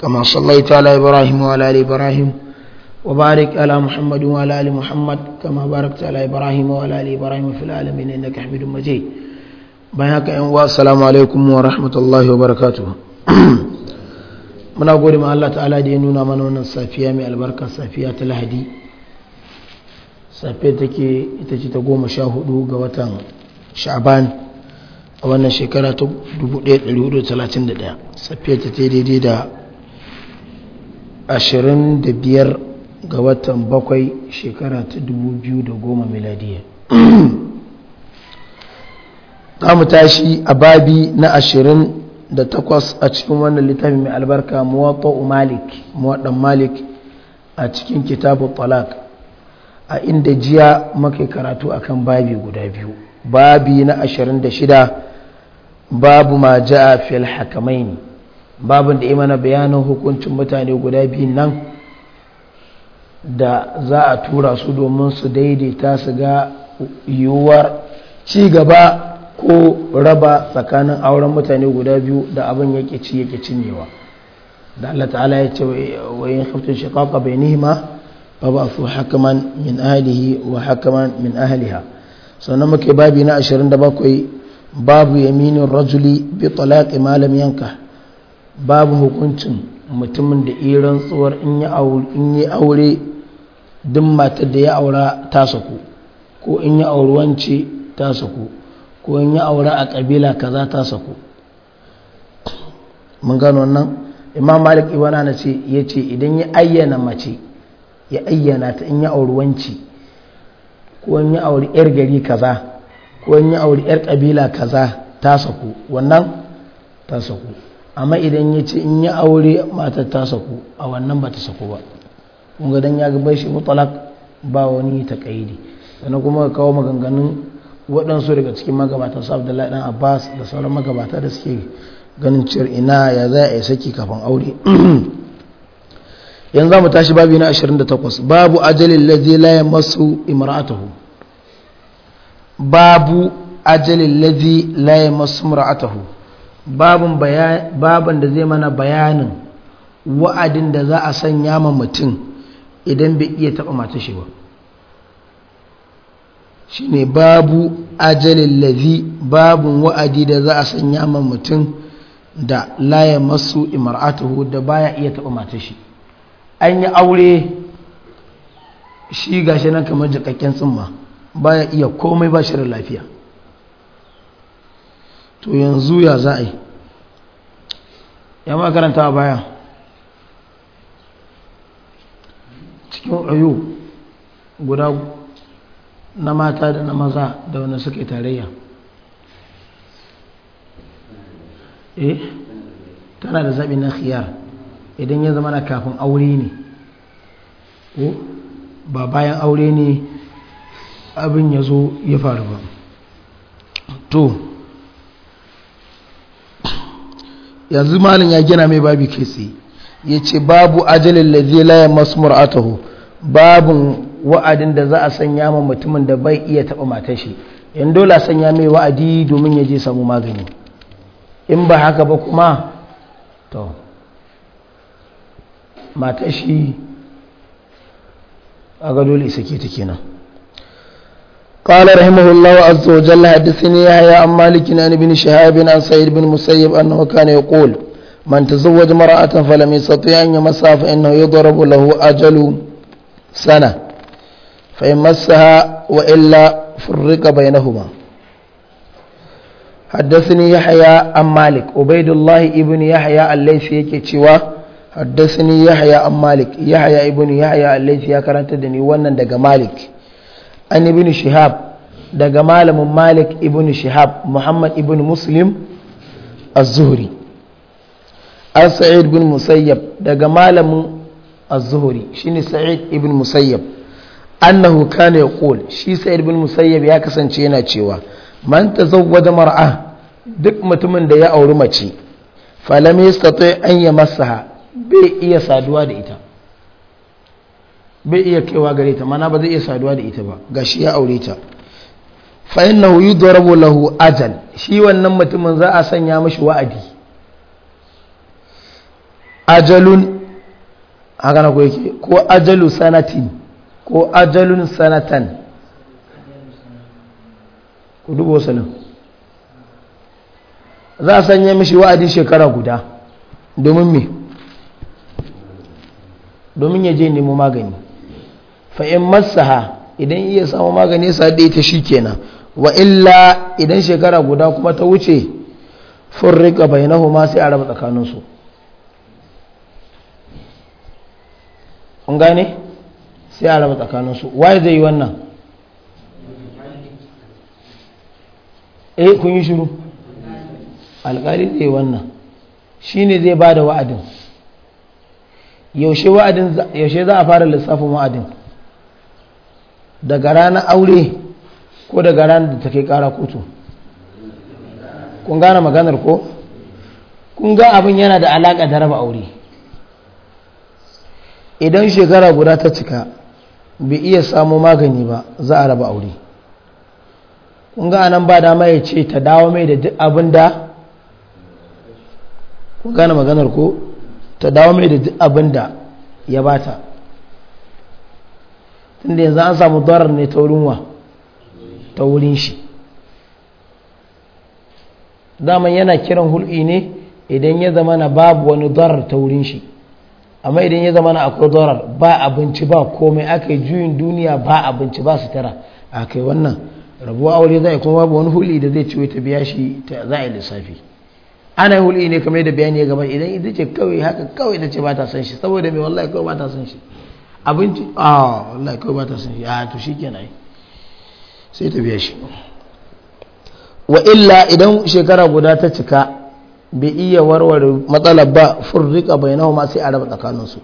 كما صليت على إبراهيم وعلى آل إبراهيم وبارك على محمد وعلى آل محمد كما باركت على إبراهيم وعلى آل إبراهيم في العالمين إنك حميد مجيد بياك أنواع السلام عليكم ورحمة الله وبركاته muna gode ma Allah ta'ala ya nuna mana wannan safiya mai albarka safiya ta lahadi safiya take ita ce ta goma sha hudu ga watan sha'ban a wannan shekara ta 1431 safiya ta daidai da 25 ga watan bakwai shekara ta 2010 miladiya za mu tashi a babi na 28 a cikin wannan littafin mai albarka muwatta malik muwaɗan malik a cikin kitabu talak a inda jiya maka karatu akan babi guda biyu babi na 26 babu ma ja'a fil hakamaini babin da imana bayanin hukuncin mutane guda biyu nan da za a tura su domin su daidaita su ga yiwuwar ci gaba ko raba tsakanin auren mutane guda biyu da abin yake ci yake cinyewa da Allah ta'ala ya ce wa yin haftun shiqaqa bainihima fa ba'thu hakaman min ahlihi wa hakaman min ahliha sannan muke babi na 27 babu yaminin rajuli bi talaqi ma lam yankah babu hukuncin mutumin da iya rantsuwar in yi aure duk matar da ya aura ta saku ko in yi auruwanci ta saku ko in yi aure a ƙabila kaza ta saku mun gano nan imam malik iwana na ce ya ce idan ya ayyana mace ya ayyana ta in yi auruwanci ko in yi aure 'yar gari kaza ko in yi aure 'yar ƙabila kaza ta saku wannan ta saku amma idan ya ce in yi aure matar ta saku a wannan ba ta saku ba kun ga ya ga bai shi mutalak ba wani takaidi sannan kuma ka kawo maganganun waɗansu daga cikin magabatan su abdullahi dan abbas da sauran magabata da suke ganin cewar ina ya za a yi saki kafin aure yanzu za mu tashi babi na 28 babu ajalin lazi la masu imra'atahu babu ajalin lazi la masu imra'atahu babin da zai mana bayanin wa'adin da za a sanya ma mutum idan bai iya taba mata shi ba shine babu ajalin lazi babin wa'adi da za a sanya ma mutum da laye masu imar'atuhu da baya iya taɓa mata shi an yi aure shi gashi nan kamar jikakken tsumma baya iya komai ba shirin lafiya to yanzu ya za a yi ya ma karanta a baya cikin ayo guda na mata da na maza da wanda suke tarayya eh tana da zaɓi na khiyar idan ya zama na kafin aure ne ba bayan aure ne abin ya zo ya faru ba to yanzu malin ya gina mai babu kai tsaye ya ce babu ajalin lazi layan masu mur'atahu babin wa'adin da za a sanya ma mutumin da bai iya taɓa matashi, shi in dole a sanya mai wa'adi domin ya je samu magani in ba haka ba kuma to matar a ga dole isa ke ta kenan قال رحمه الله عز وجل حدثني يحيى عن مالك عن ابن شهاب عن سعيد بن مسيب انه كان يقول من تزوج امرأة فلم يستطيع ان يمسها فانه يضرب له اجل سنة فان مسها والا فرق بينهما حدثني يحيى عن مالك عبيد الله ابن يحيى الليثي yake cewa حدثني يحيى عن مالك يحيى ابن يحيى الليثي ya karanta da ni wannan daga مالك an ibn shihab daga malamin malik ibn shihab muhammad ibn muslim az-zuhri an sa'id ibn musayyab daga malamin az-zuhri shine sa'id ibn musayyab annahu kana yaqul shi sa'id ibn musayyab ya kasance yana cewa man tazawwada mar'a duk mutumin da ya auri mace falam yastati an yamassaha bai iya saduwa da ita bai iya kaiwa gare ta mana ba zai iya saduwa da ita ba ga shi ya aure ta fa innahu yudrabu lahu ajal shi wannan mutumin za a sanya mashi wa'adi ajalun haka na yake ko ajalu sanatin ko ajalun sanatan ku dubo sanin za a sanya mashi wa'adi shekara guda domin me domin ya je nemo magani fa'in masaha idan iya samu magani sa ta shi kenan wa illa idan shekara guda kuma ta wuce furrika bainahu ma sai a raba tsakaninsu an gane sai a raba tsakaninsu waye zai yi wannan eh kun yi shiru alkali zai yi wannan shi ne zai ba da wa'adin yaushe za a fara lissafin wa'adin daga ranar aure ko daga ranar da ta kai kara kotu kun gane maganar ko kun ga abin yana da alaƙa da raba aure idan shekara guda ta cika bai iya samo magani ba za a raba aure kun ga anan ba dama ya ce ta dawo mai da abin da kun gane maganar ko ta dawo mai da abin da ya bata tunda yanzu an samu dorar ne ta wurin wa ta wurin shi daman yana kiran hulɗi ne idan ya zama na babu wani dorar ta wurin shi amma idan ya zama na akwai dorar ba abinci ba komai aka yi juyin duniya ba abinci ba tara a kai wannan rabuwa aure za a kuma babu wani hul'i da zai ci ta biya shi za a yi lissafi ana hulɗi ne kamar da bayani ya gaba idan ita ce kawai haka kawai ta ce ba ta san shi saboda mai wallahi kawai ba ta san shi abinci a ah, wallahi kawai ba ta sun ya ah, to shi kenan sai ta biya shi wa illa idan shekara guda ta cika bai iya warware matsalar ba furrika bai nawa ma sai a raba tsakaninsu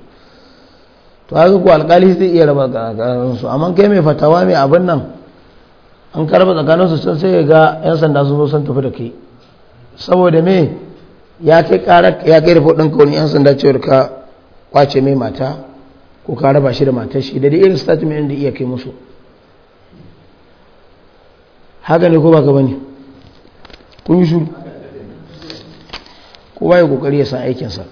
to haka ku alkali zai iya raba tsakaninsu amma kai mai fatawa mai abin nan an karba raba tsakaninsu sun sai ga yan sanda sun zo sun tafi da kai saboda me ya kai karar ya kai rufo ɗinka wani yan sanda cewar ka kwace mai mata ko ka raba shi da matar shi da dai irin statement da iya kai musu haka ne ko ba ka ne kun yi shuru kowa ya kokari ya san aikinsa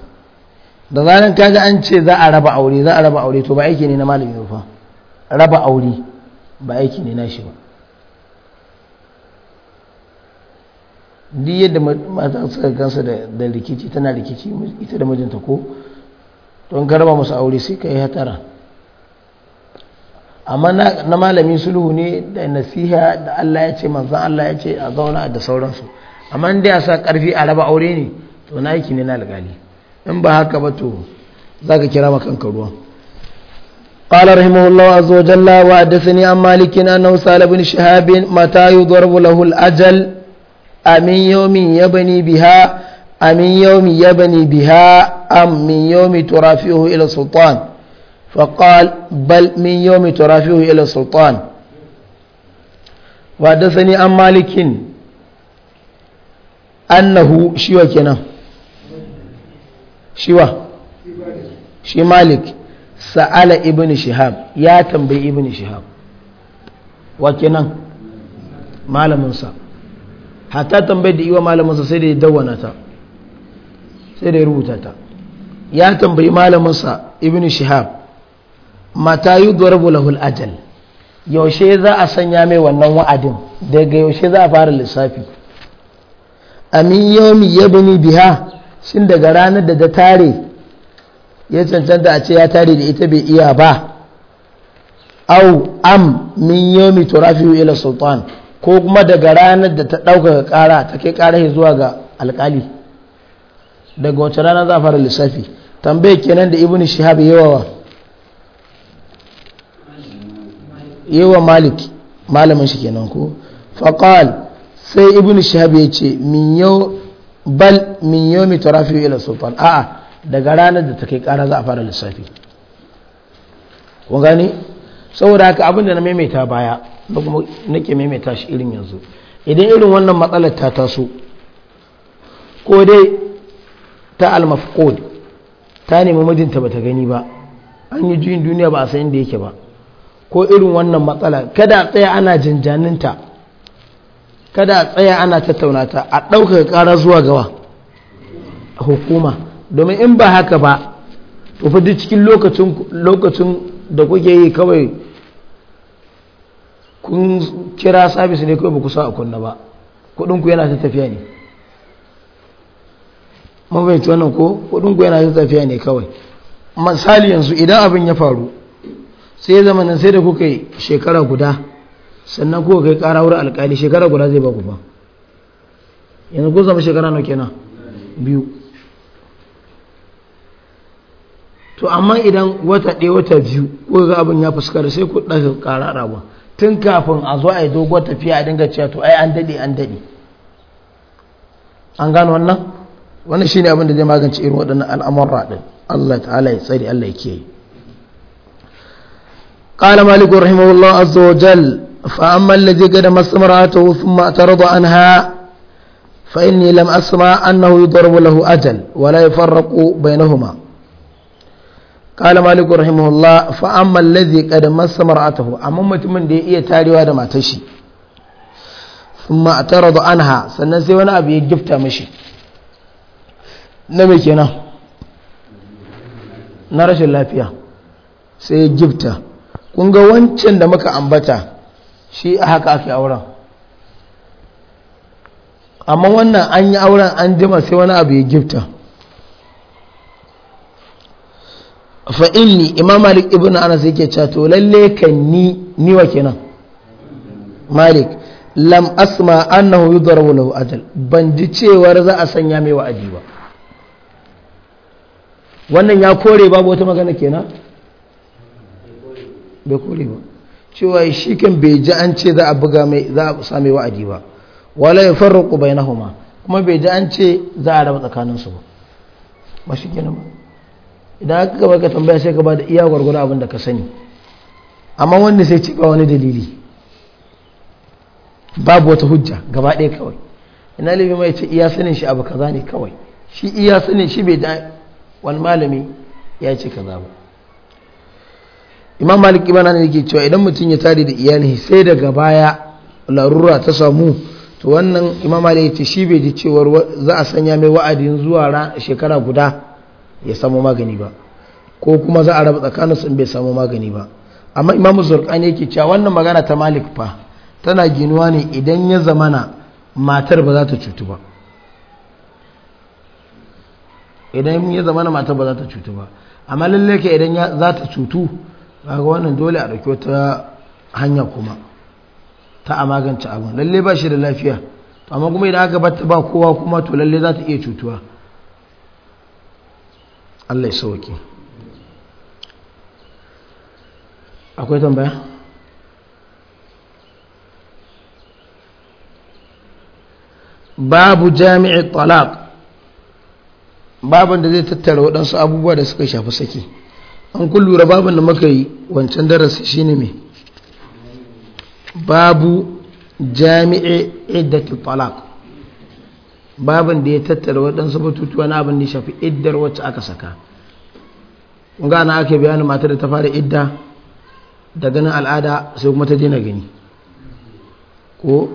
da zanen kaga an ce za a raba aure za a raba aure to ba aiki ne na malami rufa raba aure ba aiki ne na shi ba duk yadda mata suka kansa da rikici tana rikici ita da mijinta ko don garba musu aure sai ka yi hatara amma na malamin sulhu ne da nasiha da Allah ya ce manzan Allah ya ce a zauna da sauransu amma da ya sa karfi a raba aure ne to na yake ne na alƙali in ba haka ba to za ka kira makanka ruwa قال رحمه الله عز وجل وحدثني عن مالك انه سال بن شهاب متى يضرب له الاجل امن يوم يبني بها أمن يوم يبني بها أم من يوم ترافعه إلى السلطان فقال بل من يوم ترافعه إلى السلطان وحدثني عن مالك أنه شوى كنا شوى شي مالك سأل ابن شهاب يا تنبي ابن شهاب وكنا مال منصب حتى تنبي دي ومال منصب سيدي دونتا sai da ya rubuta ta ya tambayi malaminsa ibn shihab mata yi darabu lahul ajal yaushe za a sanya mai wannan wa'adin daga yaushe za a fara lissafi amin yomi ya bani biha shin daga ranar da ta tare ya cancanta a ce ya tare da ita bai iya ba au am min yomi turafiyu ila sultan ko kuma daga ranar da ta ɗaukaka ƙara ta kai ƙara zuwa ga alƙali daga wace rana za a fara lissafi tambaye kenan da ibn shihab yawa yawa malik malamin shi kenan ko faqal sai ibn shihab ya ce min yau bal min yau mai tarafi ila sultan a'a daga ranar da ta kai kara za a fara lissafi gani saboda haka abin da na maimaita baya da kuma nake maimaita shi irin yanzu idan irin wannan matsalar ta taso ko dai ta al-mafqud ta nemi mijinta bata gani ba an yi juyin duniya ba a san inda yake ba ko irin wannan matsala kada a tsaya ana jinjaninta kada a tsaya ana tattauna ta a ɗaukaka ƙara zuwa gawa hukuma domin in ba haka ba to fa duk cikin lokacin lokacin da kuke yi kawai kun kira sabis ne kawai ba ku sa a kunna ba kuɗinku yana ta tafiya ne mun wannan ko kudin ku yana ta tafiya ne kawai misali yanzu idan abin ya faru sai ya zama nan sai da kuka yi shekara guda sannan kuka kai kara wurin alkali shekara guda zai ba ku ba yanzu kun zama shekara nawa kenan biyu to amma idan wata ɗaya wata biyu kuka ga abin ya fuskar sai ku ɗaga kara rawa tun kafin a zo a yi doguwar tafiya a dinga cewa to ai an daɗe an daɗe an gano wannan wannan shine abin da zai magance irin waɗannan al'amurra din Allah ta'ala ya tsari Allah ya kiyaye قال مالك رحمه الله عز وجل فأما الذي قدم امرأته ثم اعترض عنها فإني لم أسمع أنه يضرب له أجل ولا يفرق بينهما قال مالك رحمه الله فأما الذي قدم امرأته أما متمن دي إيه تاري وادا ما تشي ثم اعترض عنها سنسي وانا أبي جفتا مشي na mai kenan na rashin lafiya sai gifta, ƙunga wancan da muka ambata shi a haka ake auren amma wannan an yi auren an jima sai wani abu ya gifta fa'inni imam malik ibn anas yake cato lalle kan ni niwa kenan malik lam asma annahu yudrabu lahu ajal ban ji cewar za a sanya mai wa'adi ba wannan ya kore babu wata magana kenan bai kore ba cewa shi kan bai ji an ce za a buga mai za a sami wa'adi ba wala ya na homa. kuma bai ji an ce za a raba tsakanin su ba shi kenan ba idan aka gaba ka tambaya sai ka ba da iya gwargwaro abin da ka sani amma wanda sai ci ba wani dalili babu wata hujja gaba ɗaya kawai ina libi mai ce iya sanin shi abu kaza ne kawai shi iya sanin shi bai da. wani malami ya ce ka ba imam malik ibana ne yake cewa idan mutum ya tare da iyali sai daga baya larura ta samu to wannan imam malik ya ce shi bai ji cewar za a sanya mai wa'adin zuwa shekara guda ya samu magani ba ko kuma za a raba tsakanin sun bai samu magani ba amma imam zurkani yake cewa wannan magana ta malik fa tana ginuwa ne idan ya zamana matar ba za ta cutu ba idan ya zama na mata ba za ta cutu ba amma lalle ke idan za ta cutu ga wannan dole a ɗauki wata hanya kuma ta a magance abin lalle ba shi da lafiya to amma kuma idan aka bata ba kowa kuma to lalle za ta iya cutuwa Allah sauki akwai tambaya babu jami'in talaq babin da zai tattara waɗansu abubuwa da suka shafi saki an kullura baban da muka yi wancan darasi shine mai babu jami'a iddatul talaq babin da ya tattara waɗansu batutuwa na abin da ya shafi iddar wacce aka saka gana ake bayanin mata da ta fara idda da ganin al'ada sai kuma ta daina gani ko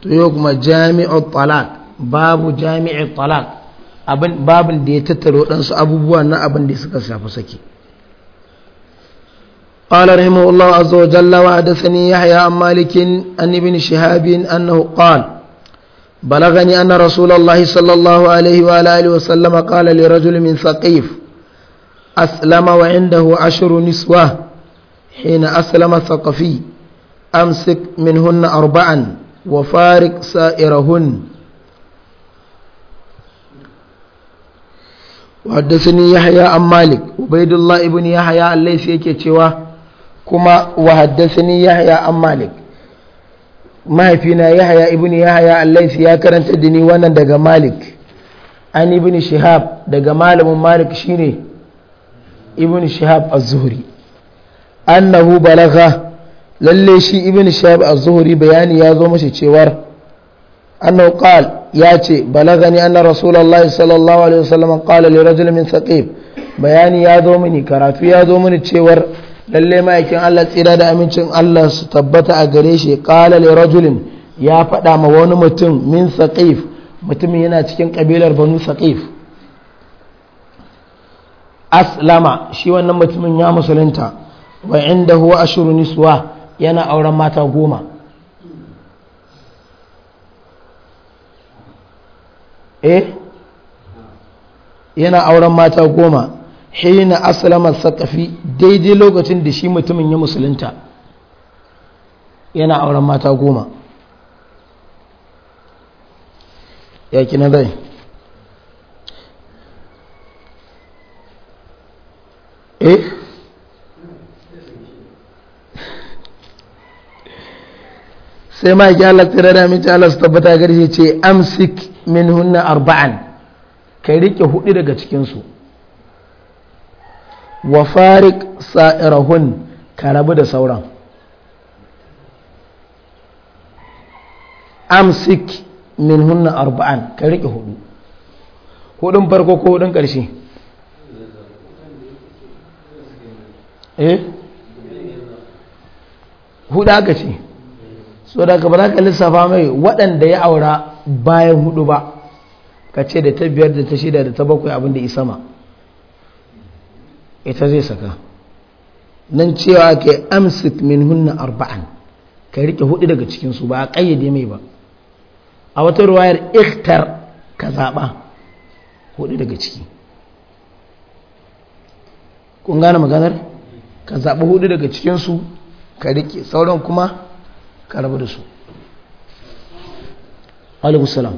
to yau kuma jami'ar talaq babu jami'a talaq abin babin da ya tattaro ɗansu abubuwa na abin da suka shafi saki قال رحمه الله عز وجل وحدثني يحيى عن مالك عن ابن شهاب أنه قال بلغني أن رسول الله صلى الله عليه وعلى آله وسلم قال لرجل من ثقيف أسلم وعنده عشر نسوة حين أسلم الثقفي أمسك منهن أربعا وفارق سائرهن وحدثني يحيى عن مالك عبيد الله ابن يحيى yake cewa kuma وحدثني يحيى an malik mahaifina yahaya ibn yahaya allaisi ya karanta da ni wannan daga malik an ibn shihab daga malamin malik shine ibn shihab az-zuhri annahu balagha lalle shi ibn shihab az-zuhri bayani ya zo mashi cewar أنه قال ياتي بلغني أن رسول الله صلى الله عليه وسلم قال لرجل من ثقيف بياني يا دومني كرافي يا دومني تشور lalle ma'aikin Allah tsira da amincin Allah su tabbata a gare shi qala li rajulin ya faɗa ma wani mutum min saqif mutumin yana cikin kabilar banu saqif aslama shi wannan mutumin ya musulunta wa inda huwa ashuru niswa yana auren mata goma eh yana auren mata goma hina aslama sakafi daidai lokacin da shi mutumin ya musulunta yana auren mata goma ya kina zai eh sai ma ya halatta da mace Allah su tabbata garje ce amsik min hunna arba'an ka rike hudu daga cikinsu wa farik sa'irahun ka rabu da sauran amsik min hunna arba'an ka rike hudu hudun farko ko hudun karshe eh hudu aka ce so da ka ba za ka lissafa mai waɗanda ya aura bayan hudu ba ka ce da ta biyar da ta shida da ta bakwai abinda isa ma ita zai saka nan cewa ke amsik min hunna arba'an ka rike hudu daga cikinsu ba a ƙayyade mai ba a wata ruwayar ikhtar ka zaɓa hudu daga ciki kun gane maganar ka zaɓa hudu daga cikinsu ka rike sauran kuma ka rabu da su alaihi salam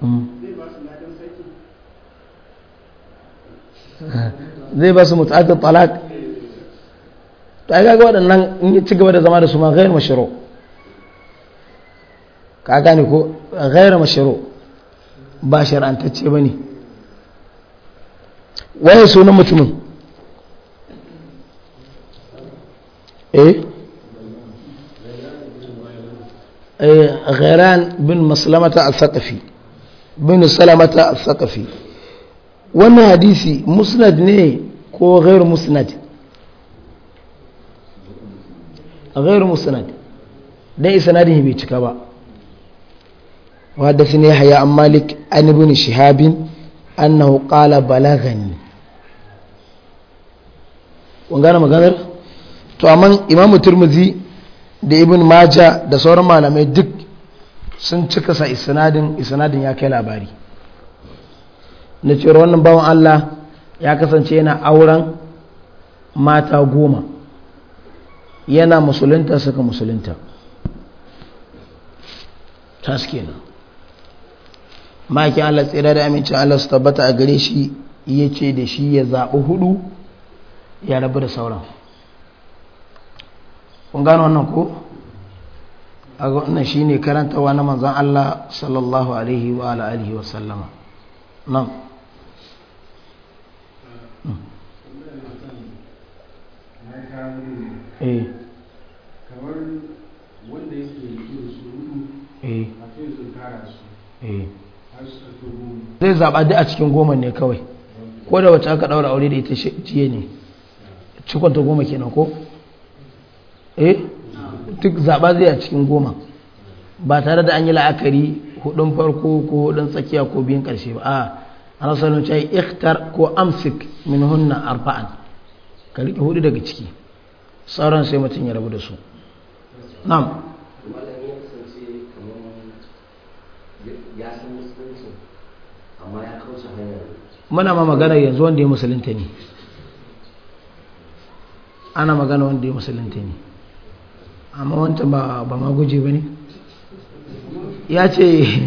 hmm. zai ba su aka talak to yi gaga waɗannan in ci gaba da zama da su ma ghayr mashiro ka gani ko ghayr mashiro ba ba ne waye sunan mutumin eh غيران بن مسلمة الثقفي بن سلمة الثقفي وانا حديثي مسند ne كو غير مسند غير مسند ده isnadin bai cika ba وحدثني يحيى عن مالك عن ابن شهاب انه قال بلغني وان وقال مغادر تو امام إمام الترمذي da ibn maja da sauran malamai duk sun cika sa isnadin isnadin ya kai labari na cewar wannan bawan Allah ya kasance yana auren mata goma yana musulunta suka musulunta taskina maki Allah tsira da amincin Allah su tabbata a gare shi ya ce da shi ya zaɓi hudu ya rabu da sauran kun gano wannan ko a wannan shi ne karantawa na manzan Allah sallallahu alaihi wa wa sallama nan hmm. eh. eh. eh. zai zaɓa duk a cikin goma ne kawai ko da wacce aka ɗaura aure da ita ciye ne ta goma kenan ko eh duk zaba zai a cikin goma ba tare da an yi la'akari hudun farko ko hudun tsakiya ko biyun ƙarshe ba a ana sanin cewa ikhtar ko amsik min hunna arba'an ka riƙe hudu daga ciki sauran sai mutum ya rabu da su na'am muna ma magana yanzu wanda ya musulunta ne ana magana wanda ya musulunta ne amma wancan ba ma guje ba ne ya ce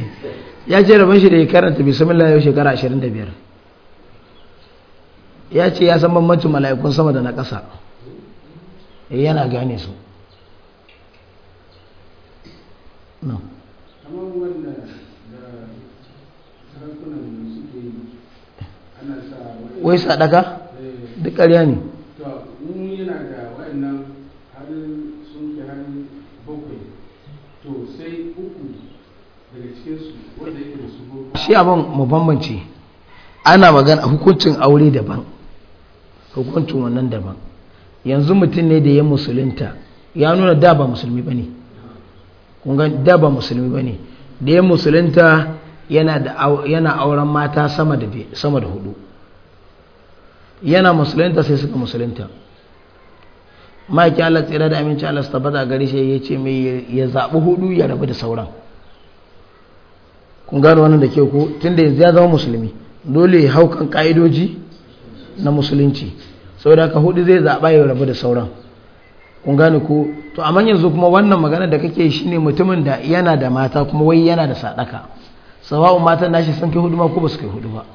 rabin shi da ya karanta bismillah yau shekara 25 ya ce ya san bambancin mala'ikun sama da na ƙasa eh, yana gane su no. wai sadaka eh. duk ƙarya ne shi abin mu ana magana hukuncin aure daban hukuncin wannan daban yanzu mutum ne da ya musulunta ya nuna da ba musulmi ba ne da ba musulmi ba ne da ya musulunta yana auren mata sama da hudu yana musulunta sai suka musulunta maki Allah tsira da aminci Allah su tabbata gari shi ya ce mai ya zaɓi hudu ya rabu da sauran kun gano wannan da ke ko tunda yanzu ya zama musulmi dole ya hau kan ka'idoji na musulunci da haka hudu zai zaɓa ya rabu da sauran kun gane ko to amma yanzu kuma wannan magana da kake shi ne mutumin da yana da mata kuma wai yana da sadaka sawa'un matan nashi sun kai hudu ma ko ba su kai hudu ba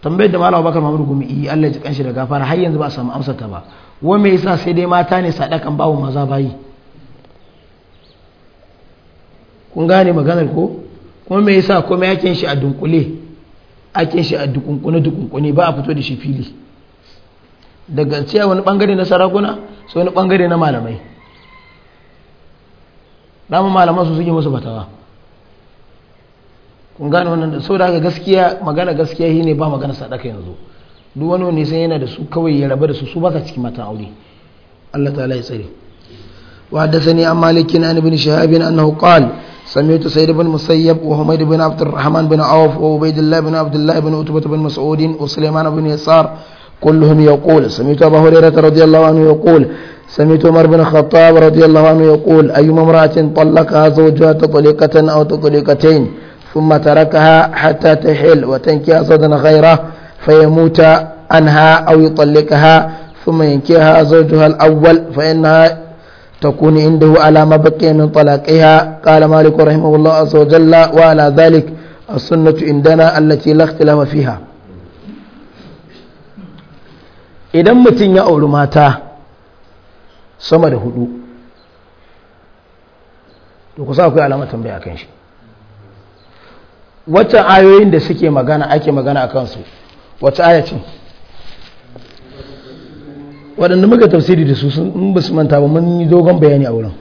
tambayar da malawa baka mamur gumi iya eh, Allah ji kanshi da gafara har yanzu ba a samu amsa ta ba wa me yasa sai dai mata ne sadakan bawo maza bayi kun gane maganar ko kuma me yasa kuma yakin shi a dunkule akin shi a dukunkune dukunkune ba a fito da shi fili daga cewa wani bangare na sarakuna sai wani bangare na malamai dama malaman su suke musu fatawa kun gane wannan da sau daga gaskiya magana gaskiya shi ne ba magana sadaka yanzu duk wani wani sai yana da su kawai ya rabu da su su ba ka ciki matan aure Allah ta'ala ya tsare wa hadathani an malikin an ibn shahabin annahu qala سمعت سيد بن مسيب وحميد بن عبد الرحمن بن عوف وعبيد الله بن عبد الله بن عتبة بن مسعود وسليمان بن يسار كلهم يقول سمعت أبا هريرة رضي الله عنه يقول سمعت عمر بن الخطاب رضي الله عنه يقول أيما امرأة طلقها زوجها تطليقة أو تطليقتين ثم تركها حتى تحل وتنكي صدا غيره فيموت عنها أو يطلقها ثم ينكيها زوجها الأول فإنها تكون عنده على ما بقي من طلاقها قال مالك رحمه الله عز وجل وعلى ذلك السنة عندنا التي لا اختلاف فيها idan mutum ya auri mata sama da hudu to kusa akwai alamar tambaya kan shi wacce ayoyin da suke magana ake magana a kansu wacce ayacin waɗanda muka tafsiri da su sun ba su manta ba mun yi dogon bayani a wurin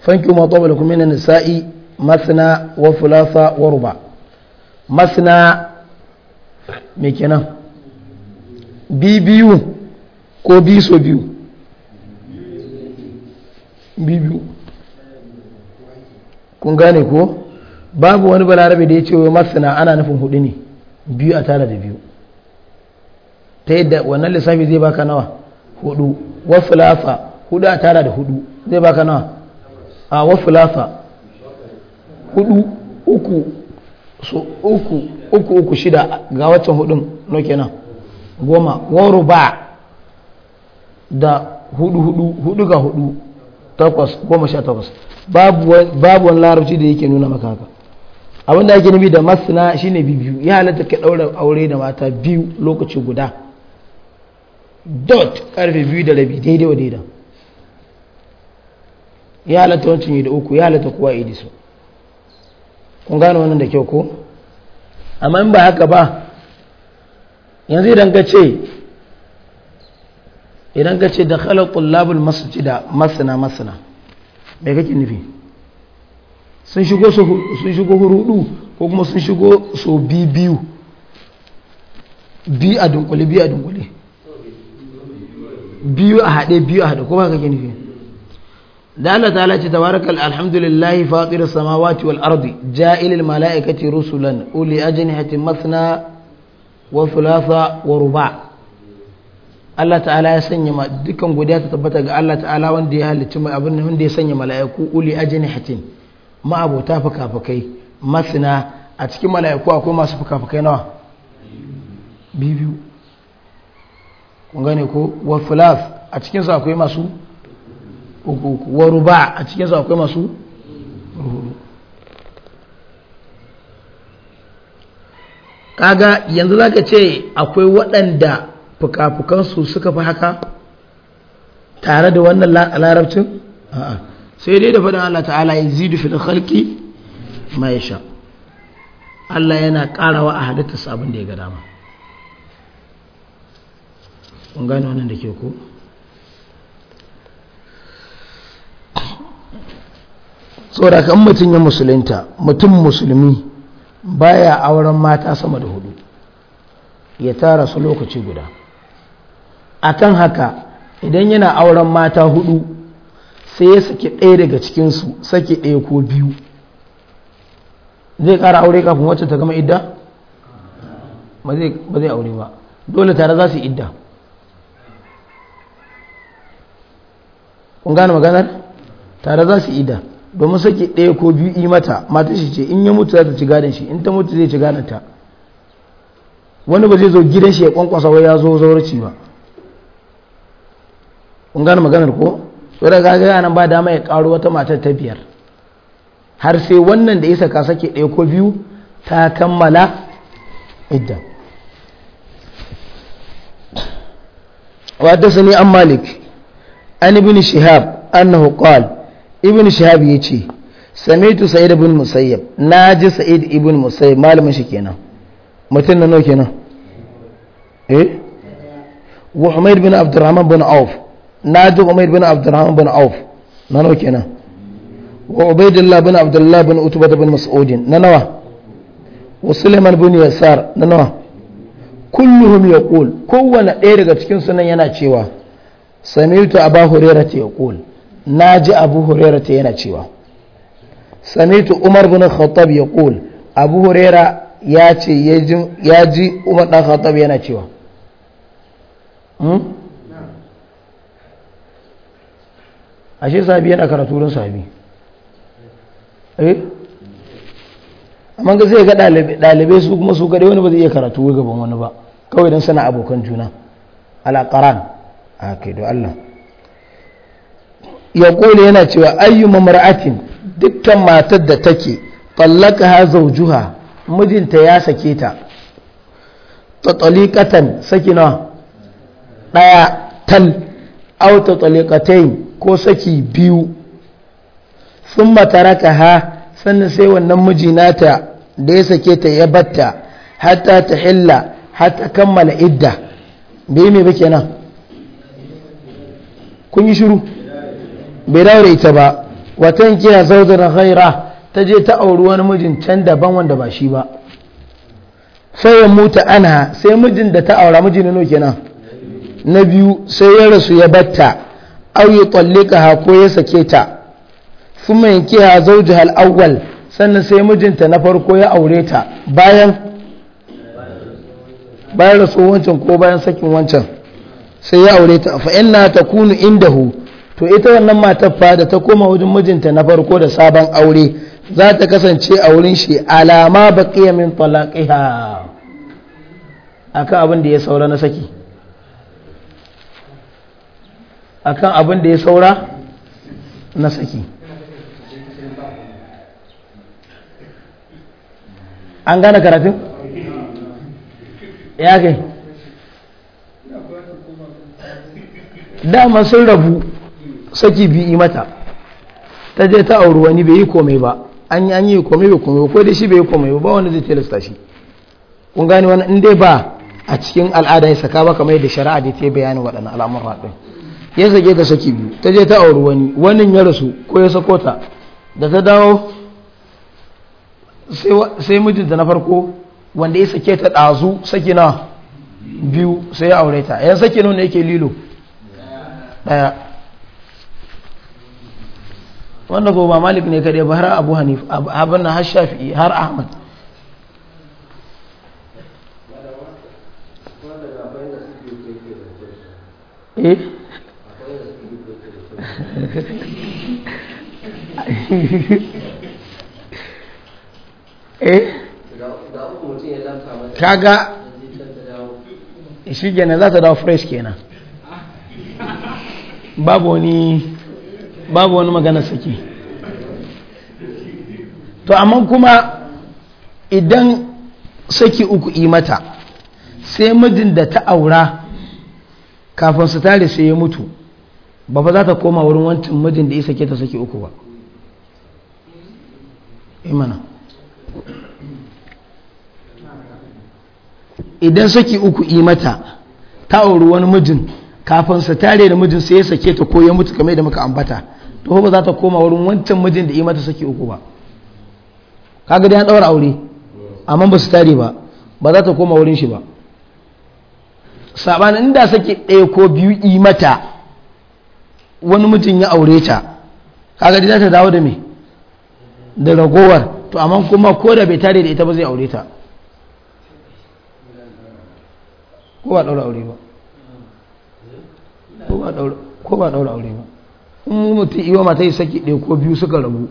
fanki ma tsoba da kuma sa'i masana wa fulasa wa ruba masana mai kenan bibiyu ko biso biyu bibiyu kun gane ko babu wani balarabe da ya ce wa masana ana nufin hudu ne biyu a tara da biyu ta yadda wannan lissafi zai baka nawa hudu wafulafa hudu a tara da hudu zai baka nawa a wafulafa hudu uku so uku uku uku shida ga waccan hudun no kenan goma woro ba da hudu hudu hudu ga hudu takwas goma sha takwas babu wani larabci da yake nuna maka haka abinda ake nufi da masana shine biyu ya halatta ka daura aure da mata biyu lokaci guda dot karfe biyu da rabi daidai wa daidai ya halatta wancan yi da uku ya halatta kuwa idi su kun gano wannan da kyau ko amma in ba haka ba yanzu idan ka ce idan ka ce da khalaqul labul da masana masana mai kake nufi sun shigo hurudu ko kuma sun shigo so biyu biyu biyu a dunkule biyu a dunkule biyu a haɗe biyu a haɗe kuma kake nufi da Allah ta'ala ce tabarakal alhamdulillah fatir samawati wal ardi ja'ilil mala'ikati rusulan uli ajnihati mathna wa thulatha wa ruba Allah ta'ala ya sanya ma dukkan godiya ta tabbata ga Allah ta'ala wanda ya halicci mai abin wanda ya sanya mala'iku uli ajnihatin ma abota fuka-fukai mathna a cikin mala'iku akwai masu fuka-fukai nawa biyu kun gane ko wa filaf a cikin su akwai masu uku wa ruba a cikin su akwai masu hudu kaga yanzu zaka ce akwai waɗanda fuka-fukansu suka fi haka tare da wannan larabcin sai dai da faɗin Allah ta'ala ya zidu fil khalqi ma yasha Allah yana ƙarawa a halitta sabon da ya ga dama kun gane wannan da ke ku. Tsoraka mutum ya musulunta mutum musulmi baya auren mata sama da hudu ya tara su lokaci guda akan haka idan yana auren mata hudu sai ya sake ɗaya daga cikinsu sake ɗaya ko biyu zai ƙara aure kafin wacce ta gama idda ba zai aure ba dole tare za su idda kun gane maganar tare za su ida domin saki ɗaya ko biyu yi mata mata shi ce in ya mutu za ta ci gadon shi in ta mutu zai ci gadon ta wani ba zai zo gidan shi ya kwankwasa wa ya zo zaurace ba kun gane maganar ko tsoron gagaya nan ba dama ya karo wata matar ta biyar har sai wannan da ya saka sake ɗaya ko biyu ta kammala idda sani an malik. an ibn shihab annahu qala ibn shihab yace sami'tu sa'id ibn musayyab naji sa'id ibn musayyab malamin shi kenan mutun na nawa kenan eh wa umair bin abdurrahman bin auf naji umair bin abdurrahman bin auf na nawa kenan wa ubaidullah bin abdullah bin utba bin mas'ud na nawa wa sulaiman bin yasar na nawa kulluhum yaqul kowanne ɗaya daga cikin sunan yana cewa sami'tu aba hurairah ta yaqul naji abu hurairah ta yana cewa sami'tu umar bin khattab kul abu hurairah ya ce ya ji umar dan khattab yana cewa hmm? ashe sahabi yana karatu wurin sahabi eh amma ga zai ga ɗalibai su kuma su kaɗai wani ba zai iya karatu gaban wani ba kawai don sana abokan juna al'aƙaran a Allah ya kula yana cewa ayyuma mar'atin dukkan matar da take tallaka ha zaujuha mijinta ya sake ta ta taliqatan saki daya tal aw ta taliqatain ko saki biyu sun mataraka ha sannan sai wannan mijinata da ya sake ta ya batta hatta ta hilla hatta kammala idda bai mai bake nan. kun yi shiru bai dawo da ita ba watan kiya da ghaira ta je ta auri wani mijin can daban wanda ba shi ba sai ya muta ana sai mijin da ta aura mijin nano kenan na biyu sai ya rasu ya batta au ya tsallika ha ko ya sake ta sun mai kiya zaujar al'awwal sannan sai mijinta na farko ya aure ta bayan bayan rasuwancin wancan ko bayan sakin wancan sai ya aure ta fa inna takunu indahu to ita wannan matar fa da ta koma wajen mijinta na farko da sabon aure za ta kasance a wurin shi alama baqiya min talaqiha akan abin da ya saura na saki akan abin da ya saura na saki an gane karatun ya kai dama sun rabu saki biyu mata ta je ta auri wani bai yi komai ba an yi an yi komai bai komai ko da shi bai yi komai ba wanda zai tilasta shi kun gane wani in dai ba a cikin al'ada ya saka ba kamar yadda shari'a da ta bayani waɗannan al'amuran ɗin ya sake ta saki biyu ta je ta auri wani wani ya rasu ko ya sako ta da ta dawo sai mijinta na farko wanda ya sake ta ɗazu saki na biyu sai ya aure ta yan saki nuna yake lilo daya wanda ko ba malik ne kaɗai ba har abu hanif abin har shafi'i har ahmad eh? Eh? kaga shi gane za ta dawo fresh kenan babu wani babu wani magana saki to amma kuma idan saki uku yi mata sai mijin da ta aura kafin su tare sai ya mutu ba fa za ta koma wurin wancan mijin da ya sake ta saki uku ba imana eh, idan saki uku yi mata ta auri wani mijin kafin sa tare da mijin sai ya sake ta ko ya mutu kamar da muka ambata to ba za ta koma wurin wancan mijin da mata saki uku ba kaga dai an daura aure amma ba su tare ba ba za ta koma wurin shi ba sabanin inda saki ɗaya ko biyu mata wani mijin ya aure ta kaga dai za ta dawo da me da ragowar to amma kuma ko da bai tare da ita ba zai aure ta ko ba daura aure ba ko ba daura aure ba in mutum iyo mata yi saki ɗaya ko biyu suka rabu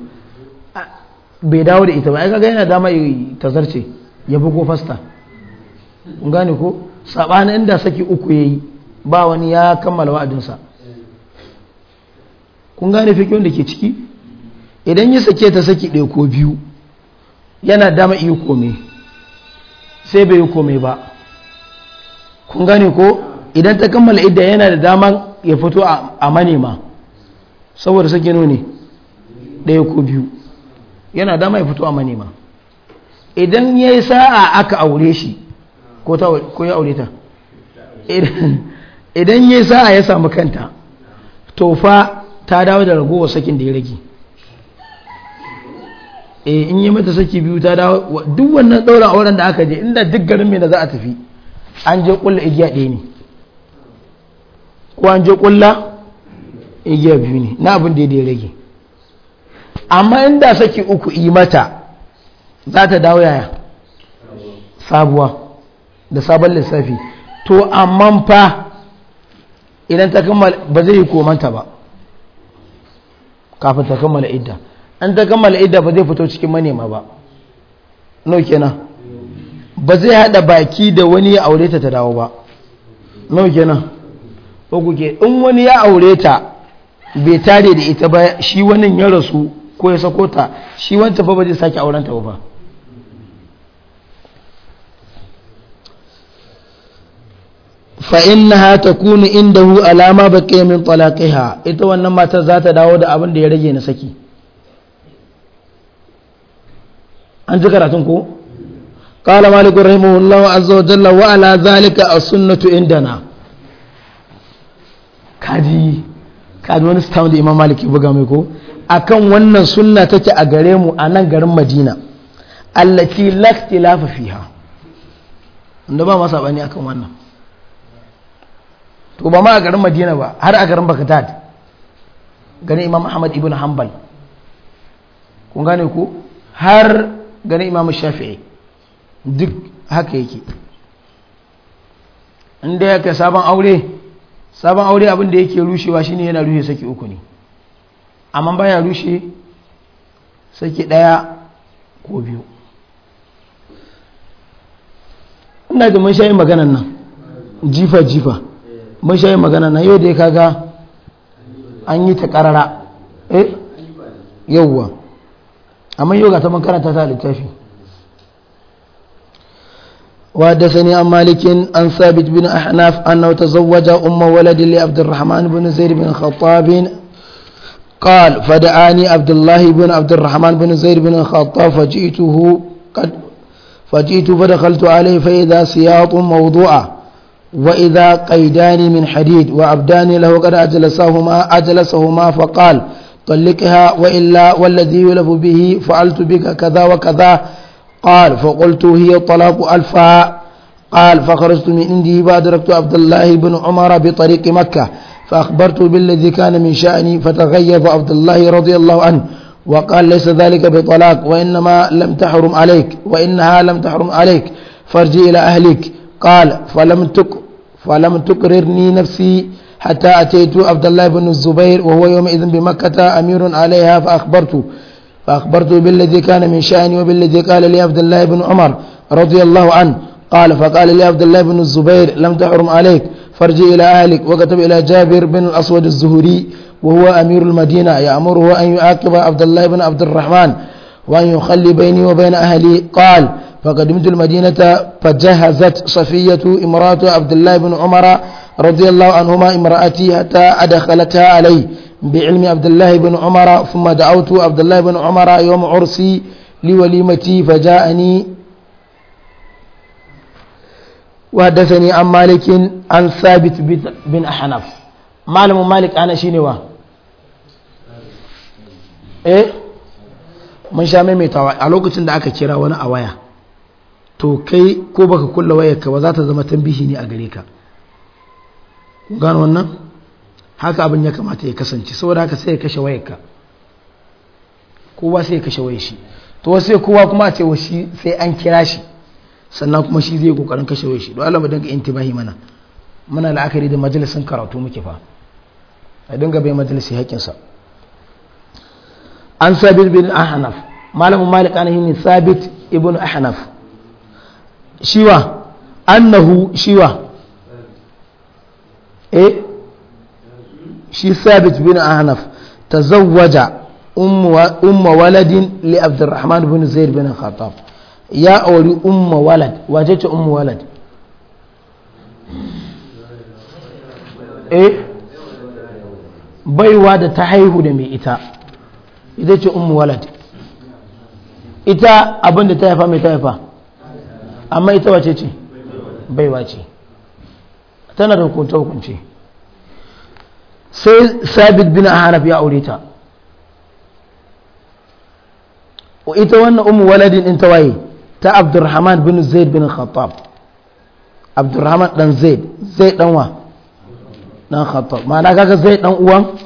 bai dawo da ita ba kaga yana dama ta zarce ya bugo fasta gane ko sabanin inda saki uku ya yi ba wani ya kammala wa'adinsa kun gane fikin da ke ciki idan yi sake ta saki ɗaya ko biyu yana dama iyo kome sai bai yi kome ba kun gane ko idan ta kammala idda yana da daman ya fito a manema saboda sake ne ɗaya ko biyu yana dama ya fito a manema idan ya yi sa'a aka aure shi ko ya aure ta idan ya yi sa'a ya samu kanta tofa ta dawo da ragowar sakin da ya rage eh, in yi mata saki biyu ta dawo duk wannan daura auren da aka je inda duk garin mai da za a tafi an je ƙulla igiya ɗaya ne ko an je kulla igiya biyu ne na abin da ya rage amma inda saki uku yi mata za ta dawo yaya sabuwa da sabon lissafi to amma fa idan ta kammala ba zai yi komanta ba kafin ta kammala idda an ta kammala idda ba zai fito cikin manema ba no kenan ba zai hada baki da wani ya aure ta ta dawo ba no kenan ko kuke in wani ya aure ta bai tare da ita ba shi wani ya rasu ko ya sako ta shi wancan ba zai sake auren ta ba fa innaha takunu indahu alama baqiya min talaqiha ita wannan matar za ta dawo da abin da ya rage na saki an ji karatun ko قال مالك رحمه الله عز ala zalika ذلك السنة indana kaji kaji wani stam da imam maliki buga mai ko kan wannan suna take a gare mu a nan garin madina allati laktilafa fiha inda ba masa bani kan wannan to ba ma a garin madina ba har a garin bagdad ganin imam ahmad ibn hanbal kun gane ku har ganin imam shafi'i duk haka yake inda ya kai sabon aure sabon aure abin da yake rushewa shine yana rushe saki uku ne amma baya rushe saki ɗaya ko biyu ina da mun shayi maganan nan jifa-jifa mun shayi maganan nan yau da ya kaga an yi ta ƙarara eh yauwa amma yau ga ta karanta ta littafi وحدثني عن مالك عن ثابت بن أحناف أنه تزوج أم ولد لعبد الرحمن بن زيد بن الخطاب قال فدعاني عبد الله بن عبد الرحمن بن زيد بن الخطاب فجئته قد فجئت فدخلت عليه فإذا سياط موضوعة وإذا قيدان من حديد وعبدان له قد أجلسهما أجلسهما فقال طلقها وإلا والذي يلف به فعلت بك كذا وكذا قال فقلت هي طلاق ألفا قال فخرجت من عندي فأدركت عبد الله بن عمر بطريق مكة فأخبرته بالذي كان من شأني فتغيظ عبد الله رضي الله عنه وقال ليس ذلك بطلاق وإنما لم تحرم عليك وإنها لم تحرم عليك فارجع إلى أهلك قال فلم تك فلم تكررني نفسي حتى أتيت عبد الله بن الزبير وهو يومئذ بمكة أمير عليها فأخبرته فأخبرته بالذي كان من شأني وبالذي قال لي عبد الله بن عمر رضي الله عنه قال فقال لي عبد الله بن الزبير لم تحرم عليك فارجع إلى أهلك وكتب إلى جابر بن الأسود الزهري وهو أمير المدينة يأمره أن يعاقب عبد الله بن عبد الرحمن وأن يخلي بيني وبين أهلي قال فقدمت المدينة فجهزت صفية امرأة عبد الله بن عمر رضي الله عنهما امرأتي حتى أدخلتها علي بعلم عبد الله بن عمر ثم دعوت عبد الله بن عمر يوم عرسي لوليمتي فجاءني وحدثني عن مالك عن ثابت بن أحنف معلم مالك أنا شنو eh mun sha maimaitawa a lokacin da aka kira wani a waya to kai ko baka kulla wayarka ba za ta zama tambihi ne a gare ka haka abin ya kamata ya kasance saboda haka sai ya kashe wayarka kowa sai ya kashe wayar shi to sai kowa kuma a ce wa shi sai an kira shi sannan kuma shi zai kokarin kashe wayar shi don Allah mu dinga intibahi mana muna la'akari da majalisin karatu muke fa a dinga bai majalisi hakinsa. an sabit bin ahnaf malamin malik anahi ne sabit ibn ahnaf shiwa annahu shiwa eh shi sabit bin ahnaf zawaja umma waladin li abdurrahman bin zaid bin khattab ya auri umma walad wace ce umma walad eh baiwa da ta haihu da mai ita ita ce umma walad ita abinda ta haifa mai ta haifa amma ita wace ce baiwa ce tana da hukunta hukunci sai sabit bin hanaf ya aure ta wa ita wannan umu waladin in tawaye ta abdurrahman bin zaid bin khattab abdurrahman dan zaid zaid dan wa dan khattab ma'ana kaga zaid dan uwan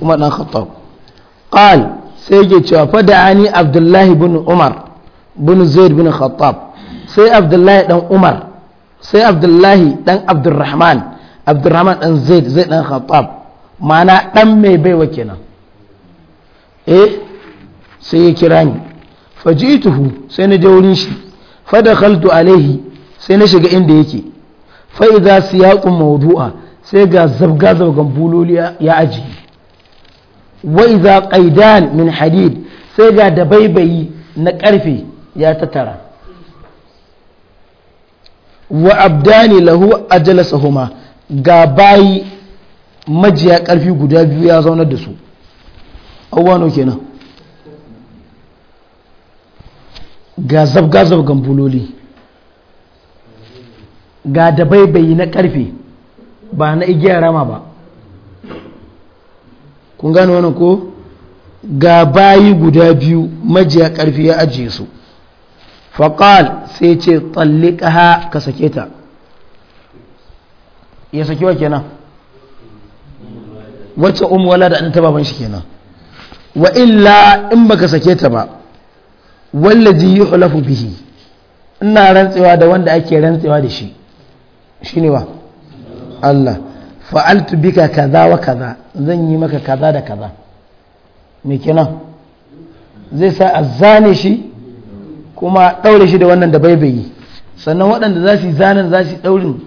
kuma dan khattab qal sai yake cewa fa da'ani abdullahi bin umar bin zaid bin khattab sai abdullahi dan umar sai abdullahi dan abdurrahman abdurrahman ɗan zaid zaid dan khattab mana dan mai baiwa kenan eh sai ya kira ni fajituhu sai na je wurin shi fa dakhaltu alaihi sai na shiga inda yake fa idza siyaqu mawdu'a sai ga zabga zabgan buloli ya aji wa idza qaidan min hadid sai ga dabaibayi na karfe ya tattara wa abdani lahu ajlasahuma ga bayi majiya karfi guda biyu ya zaunar da su abubuwa kenan ga zabga zab gambuloli ga da baibayi na karfe ba na igiyar rama ba kun gano wani ko ga bayi guda biyu majiya karfi ya ajiye su faƙal sai ce tsallika ka sake ta ya saki wa kenan wacce umu wala da an taba ban shi kenan wa illa in baka sake ta ba wallazi yuhlafu bihi ina rantsewa da wanda ake rantsewa da shi shine wa Allah fa'altu bika kaza wa kaza zan yi maka kaza da kaza me kenan zai sa a zane shi kuma ɗaure shi da wannan da bai sannan waɗanda za su yi zanen za su yi ɗaurin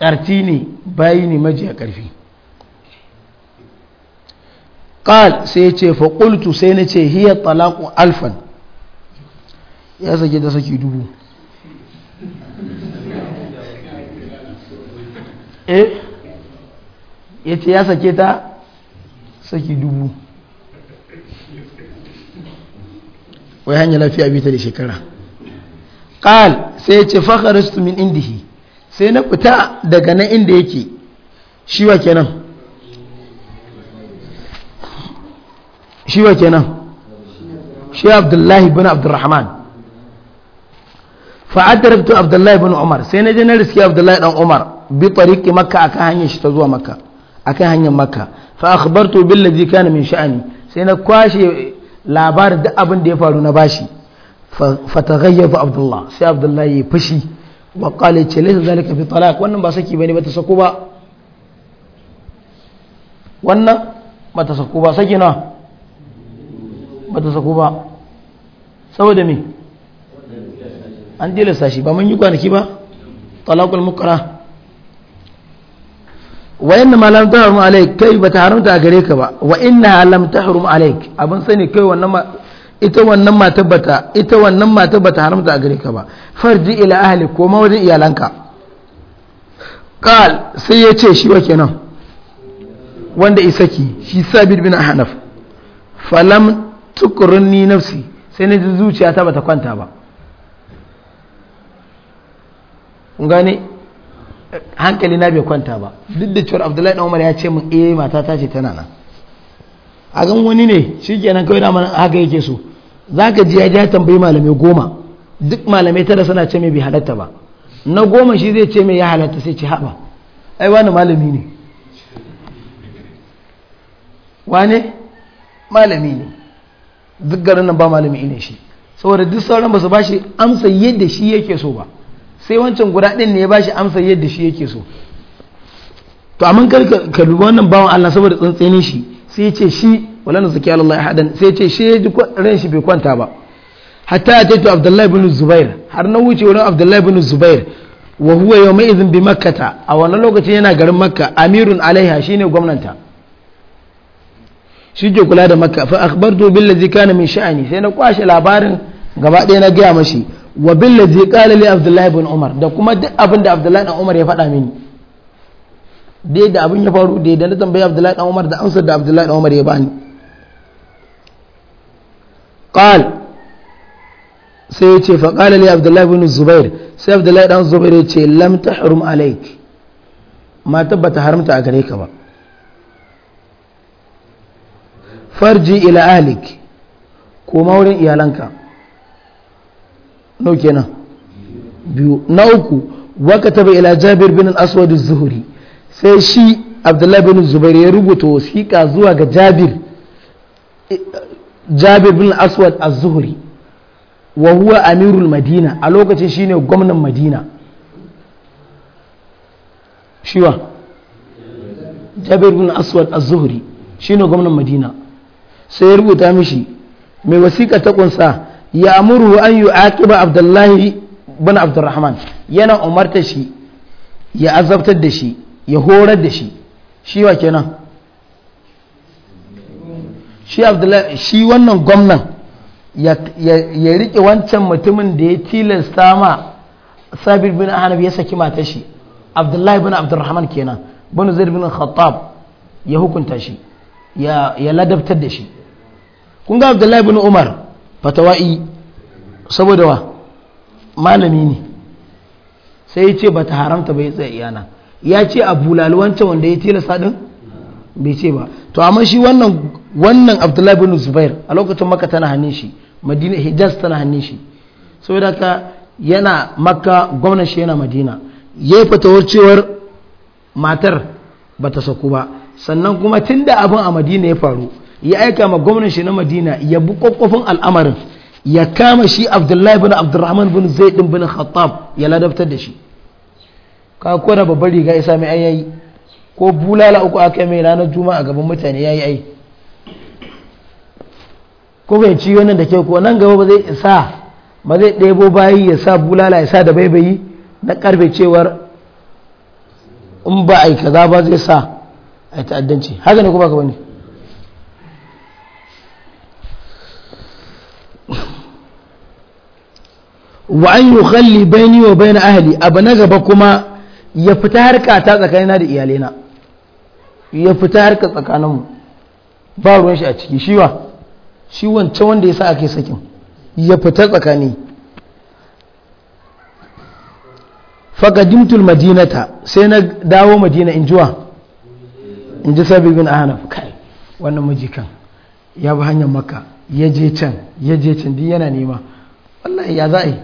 ƙarti ne bayi ne majiya ƙarfi ƙal sai ya ce faƙultu sai na ce hiyar talaƙun alfan ya sake da saki dubu eh ya ce ya sake ta saki dubu wai hanyar lafiya bita da shekara ƙal sai ya ce fakaristu min indihi sai na fita daga nan inda yake shi wa kenan shi wa kenan shi abdullahi bin abdurrahman fa'adarabtu abdullahi bin umar sai na je na riski abdullahi dan umar bi tariki makka akan hanyar shi ta zuwa makka akan hanyar makka fa akhbartu bil ladhi kana min sha'ani sai na kwashe labarin duk abin da ya faru na bashi fa taghayyafa abdullah sai abdullahi ya fashi wa qala ce laysa zalika fi talaq wannan ba saki bane bata sako ba wannan bata sako ba saki na bata sako ba saboda me an dila shi ba mun yi kwanaki ba talaqul mukrah wa inna ma lam tahrum alayk kai bata haramta gare ka ba wa inna lam tahrum alayk abin sani kai wannan ita wannan mata bata ita wannan mata bata haramta a gare ka ba farji ila ahli ko ma wajen iyalanka qal sai ya ce shi wa kenan wanda isaki shi sabir bin hanaf falam tukurni nafsi sai na ji zuciya ta bata kwanta ba kun gane hankali na bai kwanta ba duk da cewar abdullahi dan umar ya ce min eh mata ta ce tana nan a gan wani ne shi kenan kawai da haka yake so za ka ji ya ja tambayi malamai goma duk malamai tara suna ce mai bai halatta ba na goma shi zai ce mai ya halatta sai ce haɓa ai wani malami ne wane malami ne duk garin nan ba malami ne shi saboda duk sauran ba su ba shi amsa yadda shi yake so ba sai wancan guda ɗin ne ya ba shi amsa yadda shi yake so to amma kar ka dubi wannan bawan Allah saboda tsantsenin shi sai ya ce shi wala nuzki ala Allah hadan sai ce shi ran shi bai kwanta ba hatta ya taito Abdullahi ibn Zubair har na wuce wurin Abdullahi ibn Zubair wa huwa yawma idhin bi Makkah a wannan lokacin yana garin makka amirun alaiha shine gwamnatin shi ke kula da makka fa akhbartu bil ladzi kana min sha'ani sai na kwashe labarin gaba ɗaya na gaya mashi wa bil ladzi qala li Abdullahi ibn Umar da kuma duk abin da Abdullahi ibn Umar ya faɗa mini dai da abin ya faru dai da na tambayi Abdullahi ibn Umar da amsar da Abdullahi ibn Umar ya bani qal sai yace ce faƙala li abdullahi bin zubair sai abdullahi dan zubair ya ce lam alaik mata ba haramta a gare ka ba farji ila ahlik koma wurin iyalanka nau kenan biyu na uku waka taba ila jabir bin al-aswad zuhuri sai shi abdullahi bin zubair ya rubuta wasiƙa zuwa ga jabir jabir bin aswad az-zuhri wa huwa amirul madina a lokacin shine gwamnan madina shiwa jabir bin aswad az-zuhri shine gwamnan madina sai ya rubuta mishi mai wasiƙa ta kunsa ya amuru an yi aqiba abdullahi bin abdurrahman yana umarta shi ya azabtar da shi ya horar da shi shiwa kenan shi abdullahi shi wannan gwamnan ya rike wancan mutumin da ya tilasta ma sabir bin hanif ya saki mata shi abdullahi bin abdurrahman kenan bin zaid bin khattab ya hukunta shi ya ladabtar da shi kun ga abdullahi bin umar fatawa'i saboda wa malami ne sai ya ce ba ta haramta bai tsaye iyana ya ce abu lalwancan wanda ya tilasta din bai ce ba to amma shi wannan wannan abdullahi bin zubair a lokacin makka tana hannun shi madina hijaz tana hannun shi saboda ka yana makka gwamnan shi yana madina ya yi fatawar cewar matar ba ta saku ba sannan kuma tun da abin a madina ya faru ya aika ma gwamnan shi na madina ya bi kwakwafin al'amarin ya kama shi abdullahi bin abdurrahman bin zaid bin khattab ya ladabtar da shi ka kora babbar riga ya sami ayayi ko bulala uku aka mai ranar juma'a gaban mutane ya yi ai ko bai ci wannan da ke ko nan gaba ba zai isa ba zai ɗebo bayi ya sa bulala ya sa da baibayi na karfe cewar in ba a yi kaza ba zai sa a yi ta'addanci haka ne ko ka bane wa an yi khalli ni wa na ahali, abu na gaba kuma ya fita harka ta tsakanina da iyalena ya fita harka tsakaninmu ba ruwan shi a ciki shiwa shi wancan wanda ya sa ake sakin ya fita tsakani fakadimtul madinata sai na dawo madina in jiwa in ji sabi bin ahanaf kai wannan majikan ya bi hanyar maka ya je can ya je can din yana nema wallahi ya za'a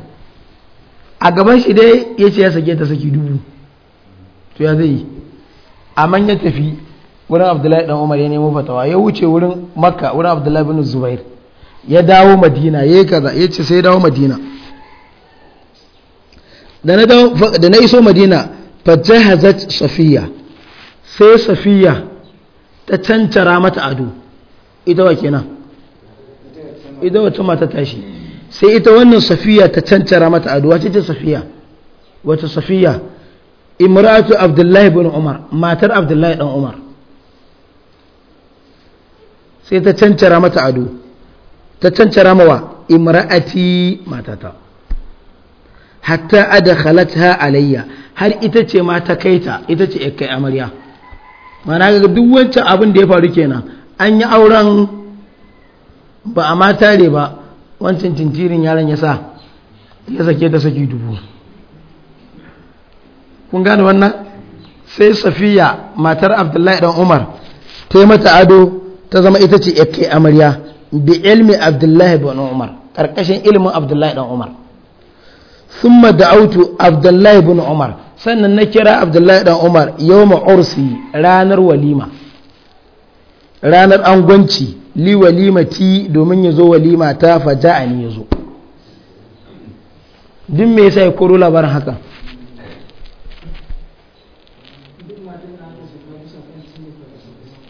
a gaban shi dai ya ce ya sake ta saki dubu to ya zai yi amma ya tafi wurin abdullahi dan umar ya nemo fatawa ya wuce wurin makka wurin abdullahi bin zubair ya dawo madina ya yi kaza ya ce sai dawo madina da na iso madina fajahazat safiya sai safiya ta cancara mata ado ita wa kenan ita wata mata tashi sai ita wannan safiya ta cancara mata ado wace ce safiya wata safiya imratu abdullahi bin umar matar abdullahi dan umar sai ta cancara mata ado ta cancara mawa imra'ati matata hatta adkhalatha alayya har ita ce ma ta kaita ita ce kai amarya mana ga duk wancan abin da ya faru kenan an yi auren ba a mata ne ba wancan tintirin yaron ya sa ya sake ta saki dubu kun gane wannan sai safiya matar abdullahi dan umar ta yi mata ado ta zama ita ce yake amarya bi ilmi abdullahi bin umar karkashin ilmin abdullahi ibn umar thumma da'awtu abdullahi bin umar sannan na kira abdullahi ibn umar yawma ursi ranar walima ranar angwanci li walimati domin yazo walima ta faja'ani ya zo duk me yasa ya koro labarin haka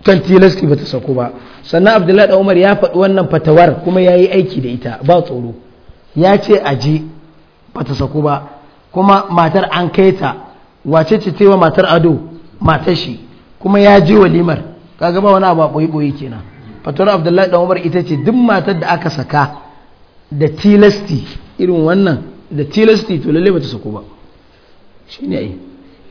kan tilasti bata sako ba sannan abdullahi da umar ya faɗi wannan fatawar kuma ya yi aiki da ita ba tsoro ya ce aje bata sako ba kuma matar an kai ta wace ce tewa matar ado matar shi kuma ya je walimar kaga ba wani abu a boye boye kenan fatawar abdullahi da umar ita ce duk matar da aka saka da tilasti irin wannan da tilasti to lalle bata sako ba shine ai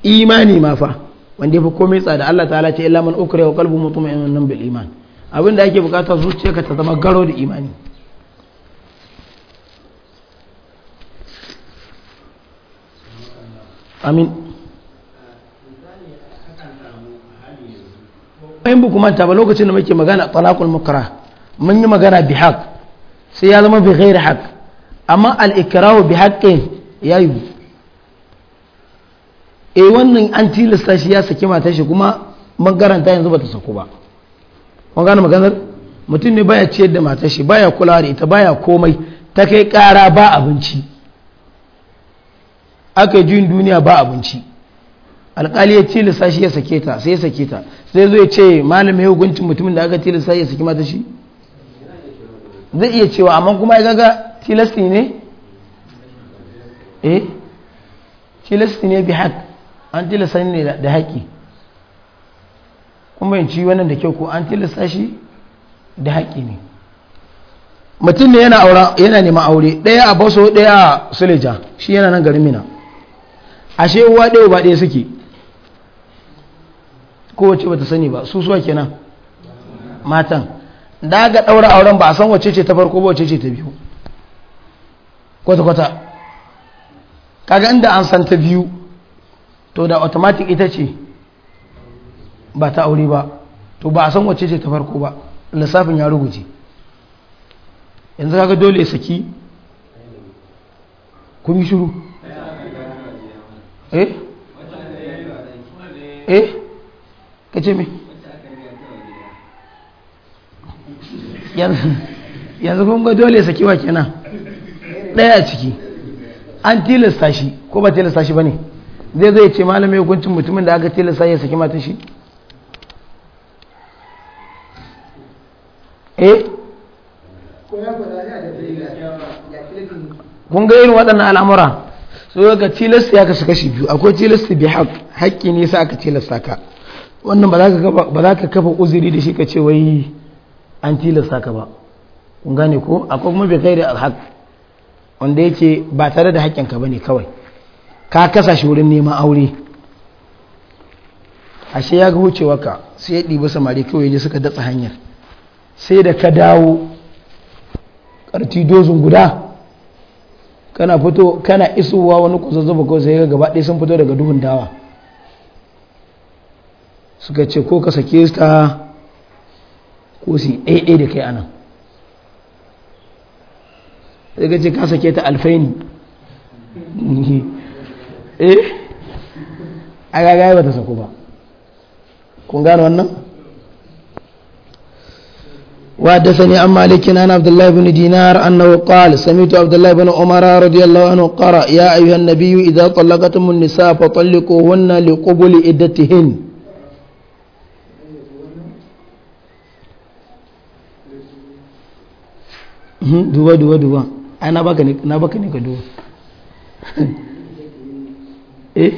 imani ma fa wanda yafi komai tsada Allah ta'ala ce illa man ukriha wa qalbuhu mutma'innun bil iman abinda ake bukata ka ta zama garo da imani amin in bu kuma ba lokacin da muke magana talaqul mukrah mun yi magana bi haq sai ya zama bi ghairi haq amma al ikrahu bi haqqin yayi e wannan an tilasta shi ya saki matar shi kuma magaranta yanzu bata saku ba kun gane maganar mutum ne baya ciyar da matar shi baya kula da ita baya komai ta kai kara ba abinci aka juyin duniya ba abinci alkali ya tilasta shi ya sake ta sai ya sake ta sai zo ya ce malam ya hukuncin mutumin da aka tilasta ya saki matar shi zai iya cewa amma kuma ya ga tilasti ne eh tilasti ne bi haka an tilasta ne da haƙi kuma yanci wannan da kyau ko an tilasta shi da haƙi ne mutum ne yana nema aure ɗaya a baso ɗaya a suleja shi yana nan garin mina ashe uwa ɗaya ba ɗaya suke kowace ta sani ba su suwa kenan matan da ga ɗaura auren ba a san wacce ce ta farko ba wacce ce ta biyu kwata-kwata kaga inda an san ta biyu to da automatic ita ce ba ta aure ba to ba a san wacce ce ta farko ba lissafin ya rubuce yanzu kaga dole ya saki kun yi shuru eh eh ka ce mai yanzu kun ga dole saki wa kenan daya ciki an tilasta shi ko ba tilasta shi ba ne zai zai ce malamai hukuncin mutumin da aka tilasta ya saki matan shi eh kun ga irin waɗannan al'amura su ga tilasta ya kasu kashi biyu akwai tilasta bi haƙƙi ne sa aka tilasta ka wannan ba za ka kafa uziri da shi ka ce wai an tilasta ka ba kun gane ko akwai kuma bai kai da alhaƙ wanda yake ba tare da haƙƙinka ba ne kawai ka kasa shi wurin neman aure ashe ya ga wucewa sai ya ɗiba samari kawai ne suka datsa hanyar sai da ka dawo ƙarti dozin guda kana fito kana isowa wani zuba kawai sai ga gaba ɗaya sun fito daga duhun dawa suka ce ko ka sake ta ko su ɗaya da kai anan sai ka ce ka sake ta alfaini eh a gagaye ba ta saku ba kun gane wannan وحدثني عن مالك عن عبد الله بن دينار أنه قال سمعت عبد الله بن عمر رضي الله عنه قرأ يا أيها النبي إذا طلقتم النساء فطلقوهن لقبل عدتهن duba duba duba ai na baka ne ka eh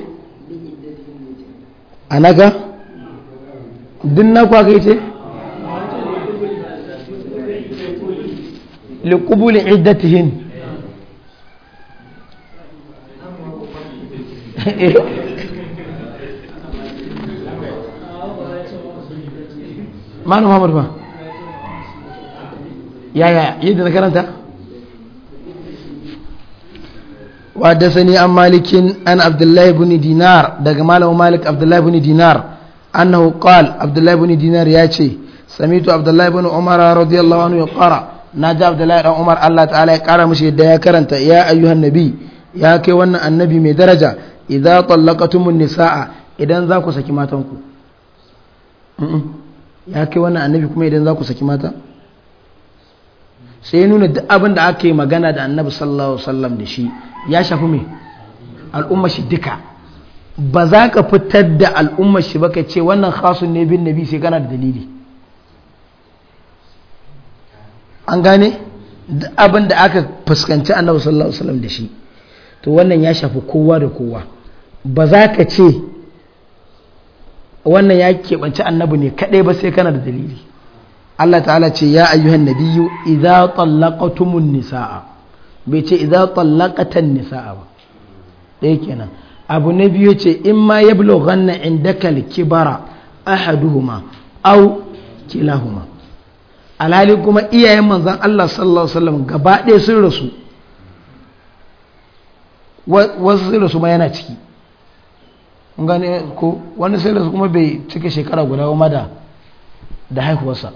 anaga naga din na kwa kai ce li likubuli iddatihin eh? manu muhammadu ba yaya yadda na karanta وحدثني عن مالك عن عبد الله بن دينار دغ مالو مالك عبد الله بن دينار انه قال عبد الله بن دينار ياتي سميت عبد الله بن عمر رضي الله عنه يقرا نادى عبد الله بن عمر الله تعالى قال مشي يدا يا كرنت يا ايها النبي يا كي wannan annabi mai daraja idza tallaqatum an-nisaa idan za ku saki matanku ya kai wannan annabi kuma idan za ku saki mata sai nuna duk abin da aka yi magana da annabi sallallahu alaihi wasallam da shi ya shafi me al'ummar shi duka ba za ka fitar da al'ummar shi ba ka ce wannan khasun ne bin nabi sai kana da dalili an gane abin da aka fuskanci annabi sallallahu alaihi da shi to wannan ya shafi kowa da kowa ba za ka ce wannan ya keɓanci annabi ne kaɗai ba sai kana da dalili Allah ta'ala ce ya ayyuhan nabiyyu idza tallaqatumun nisaa bai ce idza tallaqatan nisaa ba ɗaya kenan abu na biyu ce in ma ya ganna indaka al-kibara ahaduhuma au kilahuma alhali kuma iyayen manzan Allah sallallahu alaihi wasallam gaba ɗaya sun rasu wasu sun rasu ma yana ciki gane ko wani sai rasu kuma bai cika shekara guda ma da da haihuwarsa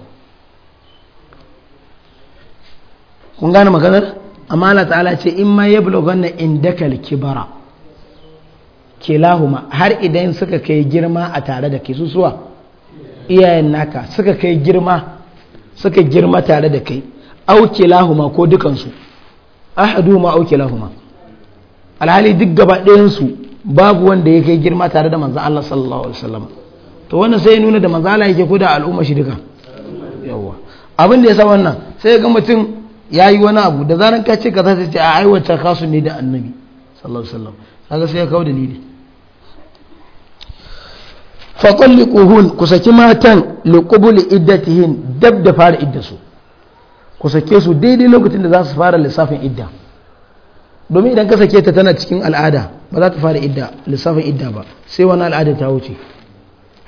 kun gane maganar amma Allah ta'ala ce in ma yablughanna indakal kibara kilahuma har idan suka kai girma a tare da kai susuwa iyayen naka suka kai girma suka girma tare da kai au kilahuma ko dukansu ma au kilahuma alhali duk gaba su babu wanda ya kai girma tare da manzon Allah sallallahu alaihi wasallam to wannan sai ya nuna da manzon Allah yake ko da al'umma shi duka yawa abin da ya sa wannan sai ga mutum ya yi wani abu da zanen ka ce ka za ce a aiwatar kasu ne da annabi sallallahu alaihi sallam kaga sai ya kawo dalili fatalliquhun ku saki matan liqubul iddatihin dab da fara iddasu ku sake su daidai lokacin da za su fara lissafin idda domin idan ka sake ta tana cikin al'ada ba za ta fara idda lissafin idda ba sai wani al'ada ta wuce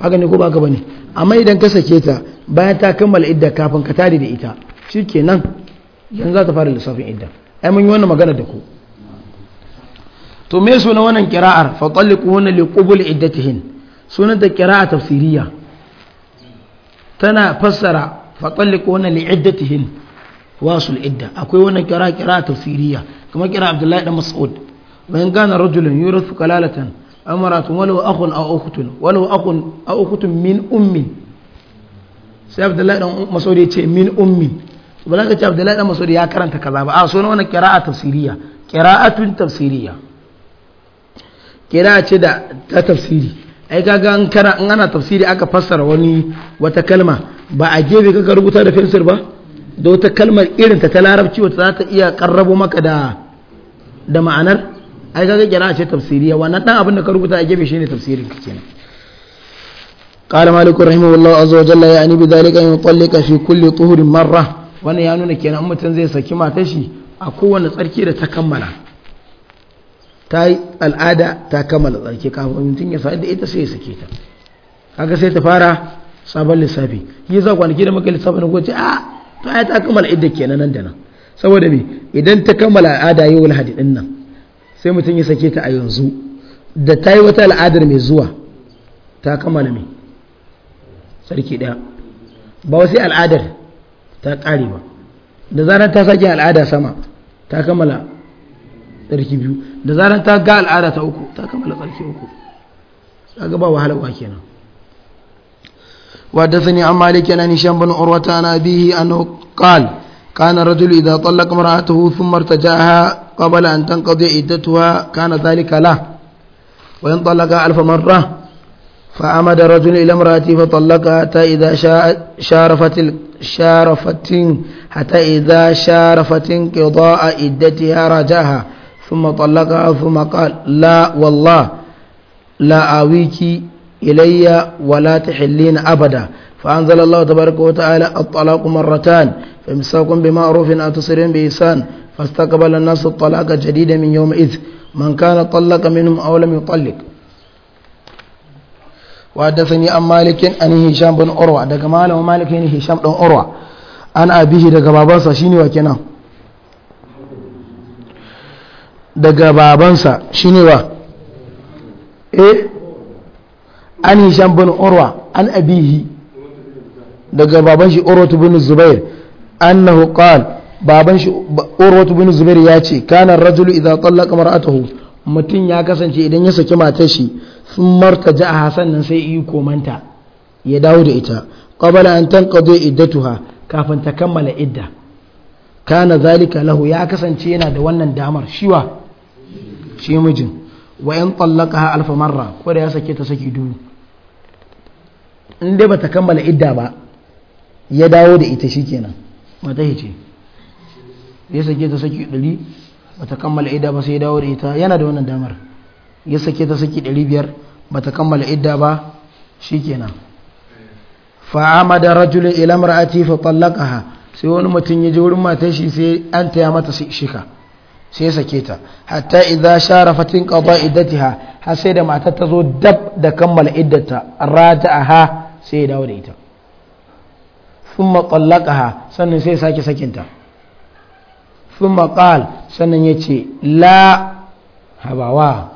haka ne ko ba ka bane amma idan ka sake ta bayan ta kammala idda kafin ka tare da ita shikenan yanzu za ta fara lissafin idda ai mun yi wannan magana da ku to me suna wannan kira'ar fa talliquhunna li qubul iddatihin sunan ta kira'a tafsiriya tana fassara fa talliquhunna li iddatihin wasul idda akwai wannan kira'a kira'a tafsiriya kamar kira Abdullahi dan Mas'ud wa in rajulun yurithu kalalatan amratun walau akhun aw ukhtun walau akhun aw ukhtun min ummi sai Abdullahi dan Mas'ud ya ce min ummi ba za ka ce abdullahi dan masudi ya karanta kaza ba a sunan wannan qira'a tafsiriya qira'atun tafsiriya qira'a ce da ta tafsiri ai kaga an kana in ana tafsiri aka fassara wani wata kalma ba a gebe kaga rubuta da fensir ba da wata kalmar irin ta ta larabci wata za ta iya karrabo maka da da ma'anar ai kaga qira'a ce tafsiriya wannan dan abin da ka rubuta a gebe shine tafsirin ka kenan قال مالك رحمه الله عز وجل يعني بذلك أن يطلق في كل طهر مرة wani ya nuna kenan mutum zai saki mata shi a kowane tsarki da ta kammala ta yi al'ada ta kammala tsarki kafin mutum ya sa'ad da ita sai ya sake ta kaga sai ta fara sabon lissafi yi za kwanaki da maka lissafi na kwanci a ah, to ya ta kammala idda kenan nan da nan saboda me idan ta kammala al'ada yau lahadi din nan sai mutum ya sake ta a yanzu da ta yi wata al'adar mai zuwa ta kammala me sarki ɗaya ba wasu al'adar ta ƙare ba da zarar ta sake al'ada sama ta kammala tsarki biyu da zarar ta ga al'ada ta uku ta kammala tsarki uku ta gaba wahalawa kenan وحدثني عن مالك عن هشام بن عروة عن أبيه أنه قال كان الرجل إذا طلق امرأته ثم ارتجاها قبل أن تنقضي عدتها كان ذلك له وإن طلقها ألف مرة فعمد رجل إلى امرأته فطلقها حتى إذا شارفت شارفت حتى إذا شارفت انقضاء عدتها رجاها ثم طلقها ثم قال لا والله لا آويك إلي ولا تحلين أبدا فأنزل الله تبارك وتعالى الطلاق مرتان فامساكم بمعروف أو تصريح بإحسان فاستقبل الناس الطلاق جديدا من يومئذ من كان طلق منهم أو لم يطلق وحدثني عن مالك عن هشام بن عروة دغ مالك مالك ne هشام بن عروة an abihi daga babansa shine wa kenan daga babansa shine wa eh an hisham bin urwa an abihi daga baban shi urwatu bin zubair annahu qala baban shi urwatu bin zubair ya ce kana rajulu idza tallaqa mar'atahu mutum ya kasance idan ya saki matar shi sun ji a sannan sai yi komanta ya dawo da ita qabala an tanqadi tuha kafin ta kammala idda kana zalika lahu ya kasance yana da wannan damar shiwa shi mijin wa in ha alfa marra ko da ya sake ta saki dubu in dai bata kammala idda ba ya dawo da ita shikenan mata ce ya sake ta saki 100 bata kammala idda ba sai dawo da ita yana da wannan damar ya sake ta saki 500 bata kammala idda ba shikenan fa'amada rajulun ila mar'ati fa tallaqaha sai wani mutum ya je wurin matar shi sai an taya mata shika sai sake ta hatta idza sharafatin qada iddatiha har sai da matar ta zo dab da kammala iddata rada'aha sai ya dawo da ita thumma tallaqaha sannan sai sake sakinta sun maƙal sannan ya ce la habawa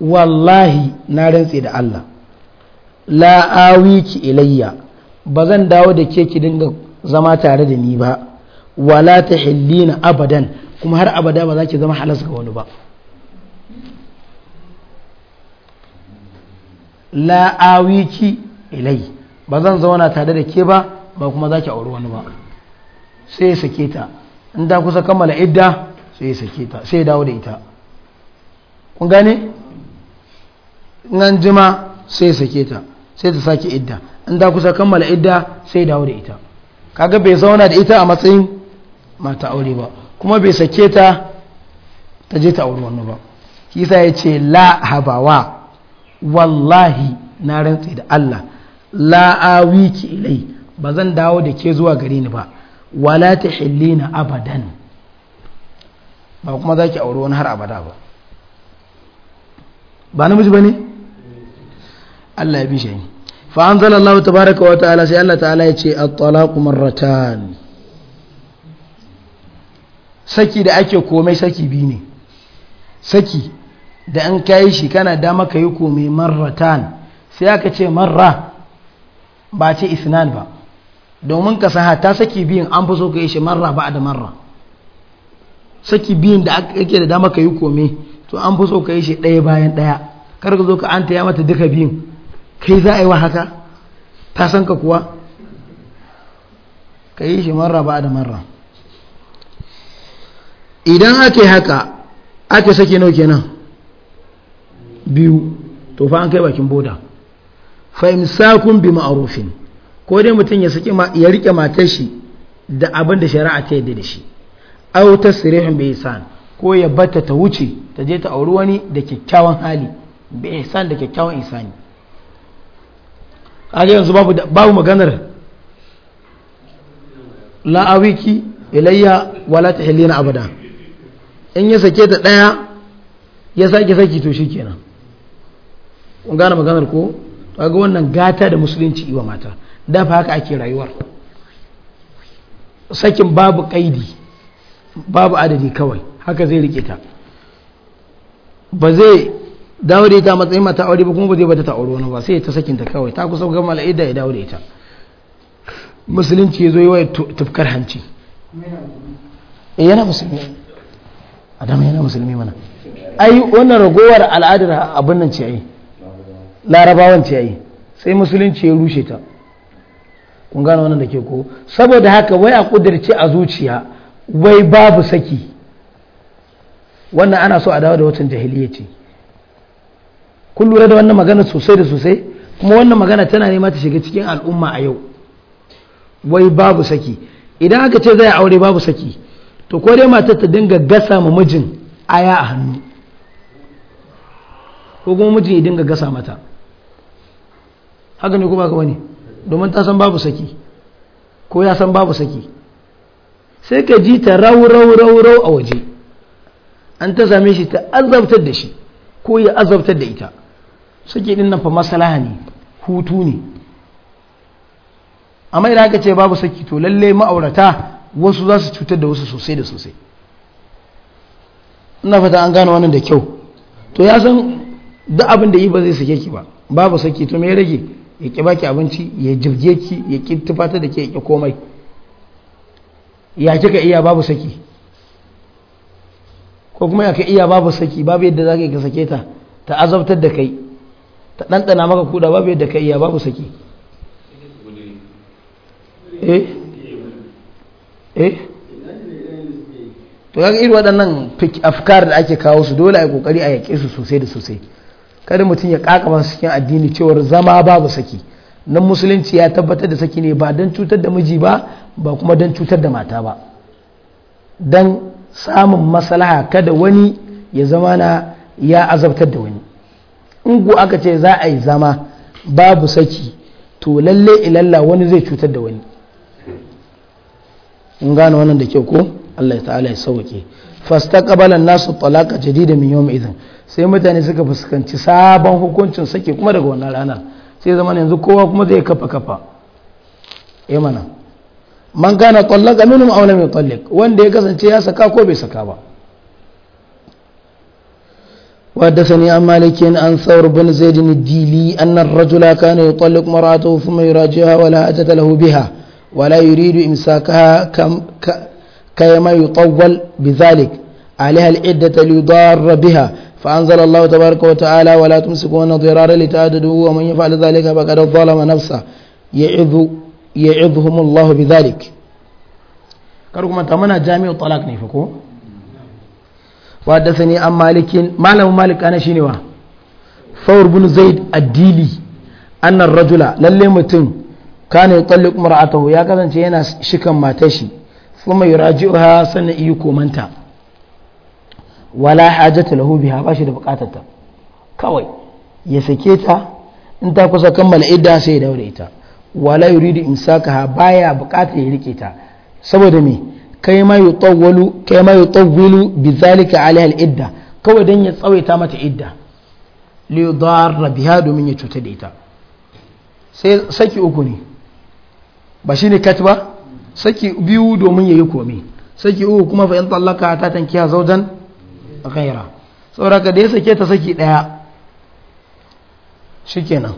wallahi na rantse da Allah la ki ilayya ba zan dawo da ke ki dinga zama tare da ni ba wala ta hillina abadan kuma har abada ba za ki zama halas ga wani ba la ki ilai ba zan zauna tare da ke ba ba kuma za ki auri wani ba sai sake ta in da kusa kammala idda sai sake ta sai dawo da ita kun gane nan jima sai sake ta sai ta sake idda in ta kusa kammala idda sai ya dawo da ita kaga bai zauna da ita a matsayin mata aure ba kuma bai sake ta ta je ta aure wani ba kisa ya ce la habawa wallahi na rantse da Allah la awiki ilai ba zan dawo da ke zuwa gare ni ba wala ta na abadan ba kuma za ki auri wani har abada ba ba na musu ba ne Allah ya bishe ni fa ta baraka wa ta'ala sai Allah ta'ala ya ce at kuma ratan. saki da ake komai saki bi ne saki da an kai shi kana dama ka yi komai marratan sai aka ce marra ba ce isnan ba domin ka saha ta saki biyun an fi so ka yi shi marra ba da marra saki biyun da aka yake da dama ka yi kome to an fi so ka yi shi ɗaya bayan ɗaya kar ka zo ka an taya mata duka biyun kai za a yi wa haka ta san ka kuwa ka yi shi marra ba da marra idan ake haka ake saki nau kenan biyu to fa an kai bakin boda fa imsakun bi ma'arufin ko dai mutum ya saki ya rike matar shi da abin da shari'a ta yadda da shi aw tasrihun bi ihsan ko ya bata ta wuce ta je ta auri wani da kyakkyawan hali bi ihsan da kyakkyawan ihsani kaga yanzu babu babu maganar la awiki ilayya wala tahlina abada in ya sake ta daya ya sake saki to shikenan kun gane maganar ko kaga wannan gata da musulunci iwa mata da fa haka ake rayuwar sakin babu kaidi babu adadi kawai haka zai rike ta ba zai dawo da ita matsayin mata aure ba kuma ba zai bata ta aure wani ba sai ta sakinta kawai ta kusa gama la'ida ya dawo da ita musulunci ya zo yi wa tufkar hanci eh, yana musulmi adam yana musulmi mana ai wannan ragowar al'adar abin nan ce yi larabawan ce yi sai musulunci ya rushe ta kun gano wannan da ke ko saboda haka wai a kudirce a zuciya wai babu saki wannan ana so a dawo da watan jahiliya ce kun lura da wannan magana sosai da sosai kuma wannan magana tana nema ta shiga cikin al'umma a yau wai babu saki idan aka ce zai aure babu saki to ko dai matar ta dinga gasa ma mijin aya a hannu ko kuma mijin ya dinga gasa mata haka ne kuma ka wani domin ta san babu saki ko ya san babu saki sai ka ji ta rau rau rau rau a waje an ta same shi ta azabtar da shi ko ya azabtar da ita saki din nan fa maslaha ne hutu ne amma idan aka ce babu saki to lalle ma'aurata wasu za su cutar da wasu sosai da sosai ina fata an gano wannan da kyau to ya san duk abin da yi ba zai sake ki ba babu saki to me ya rage ya ƙi baki abinci ya jirge ki ya ƙi tufata da ke ya ƙi komai ya kika iya babu saki ko kuma ya ka iya babu saki babu yadda za ka yi ka sake ta ta azabtar da kai ta ɗanɗana maka kuɗa babu yadda ka iya babu saki eh eh to ga irin waɗannan afkar da ake kawo su dole a yi kokari a yaƙe su sosai da sosai kada mutum ya masu cikin addini cewar zama babu saki nan musulunci ya tabbatar da saki ne ba don cutar da miji ba ba kuma don cutar da mata ba don samun maslaha kada wani ya zama na ya azabtar da wani in aka ce za a yi zama babu saki to lalle ilalla wani zai cutar da wani in gane wannan da kyau ko Allah ta'ala ya sauke fastaqbala an-nasu talaqa jadida min yawm sai mutane suka fuskanci sabon hukuncin sake kuma daga wannan ranar sai zama yanzu kowa kuma zai kafa kafa eh mana man kana talaqa minhum aw lam yutalliq wanda ya kasance ya saka ko bai saka ba وحدثني عن مالك عن ثور بن زيد الديلي أن الرجل كان يطلق مرأته ثم يراجعها ولا wala له بها ولا يريد إمساكها كم ك كما يطول بذلك عليها العدة ليضار بها فأنزل الله تبارك وتعالى ولا تمسكون ضرارا لتعددوا ومن يفعل ذلك فقد ظلم نفسه يعظ يعظهم الله بذلك كركم أنت منا جامع الطلاق نفكو وحدثني عن مالك ما له مالك أنا شنوا ثور بن زيد الديلي أن الرجل للي متن كان يطلق مرأته يا كذا أنت هنا شكم ما تشي sun mai ha sannan iya komanta wala hajjata lahu biha ba da bukatarta kawai ya sake ta in ta kusa kammala idda sai ya daure ita wala yuridu ha baya bukatar ya rike ta saboda me kai ma yutawwalu kai ma yutawwilu bizalika alaiha idda kawai dan ya tsawaita mata idda li yudarra biha domin ya cuta da ita sai saki uku ne ba shi shine katba saki biyu domin ya yi komi saki uku kuma fa in tallaka ta tankiya zaujan ghaira saboda ka da ya sake ta saki daya shikenan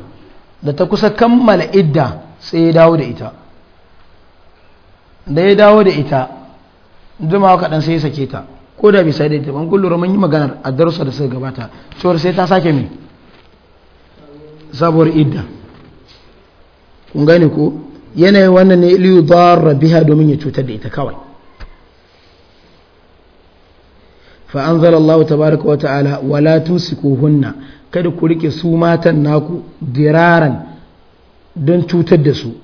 da ta kusa kammala idda sai ya dawo da ita da ya dawo da ita jimawa kaɗan sai ya sake ta ko da bisa da ita ban kullum mun yi maganar a darussa da suka gabata cewar sai ta sake min sabuwar idda kun gane ko yanayin wannan ne iliyu rabi biha domin ya cutar da ita kawai fa ta baraka wa ta'ala ko hunna kada ku rike su matan naku diraran don cutar da su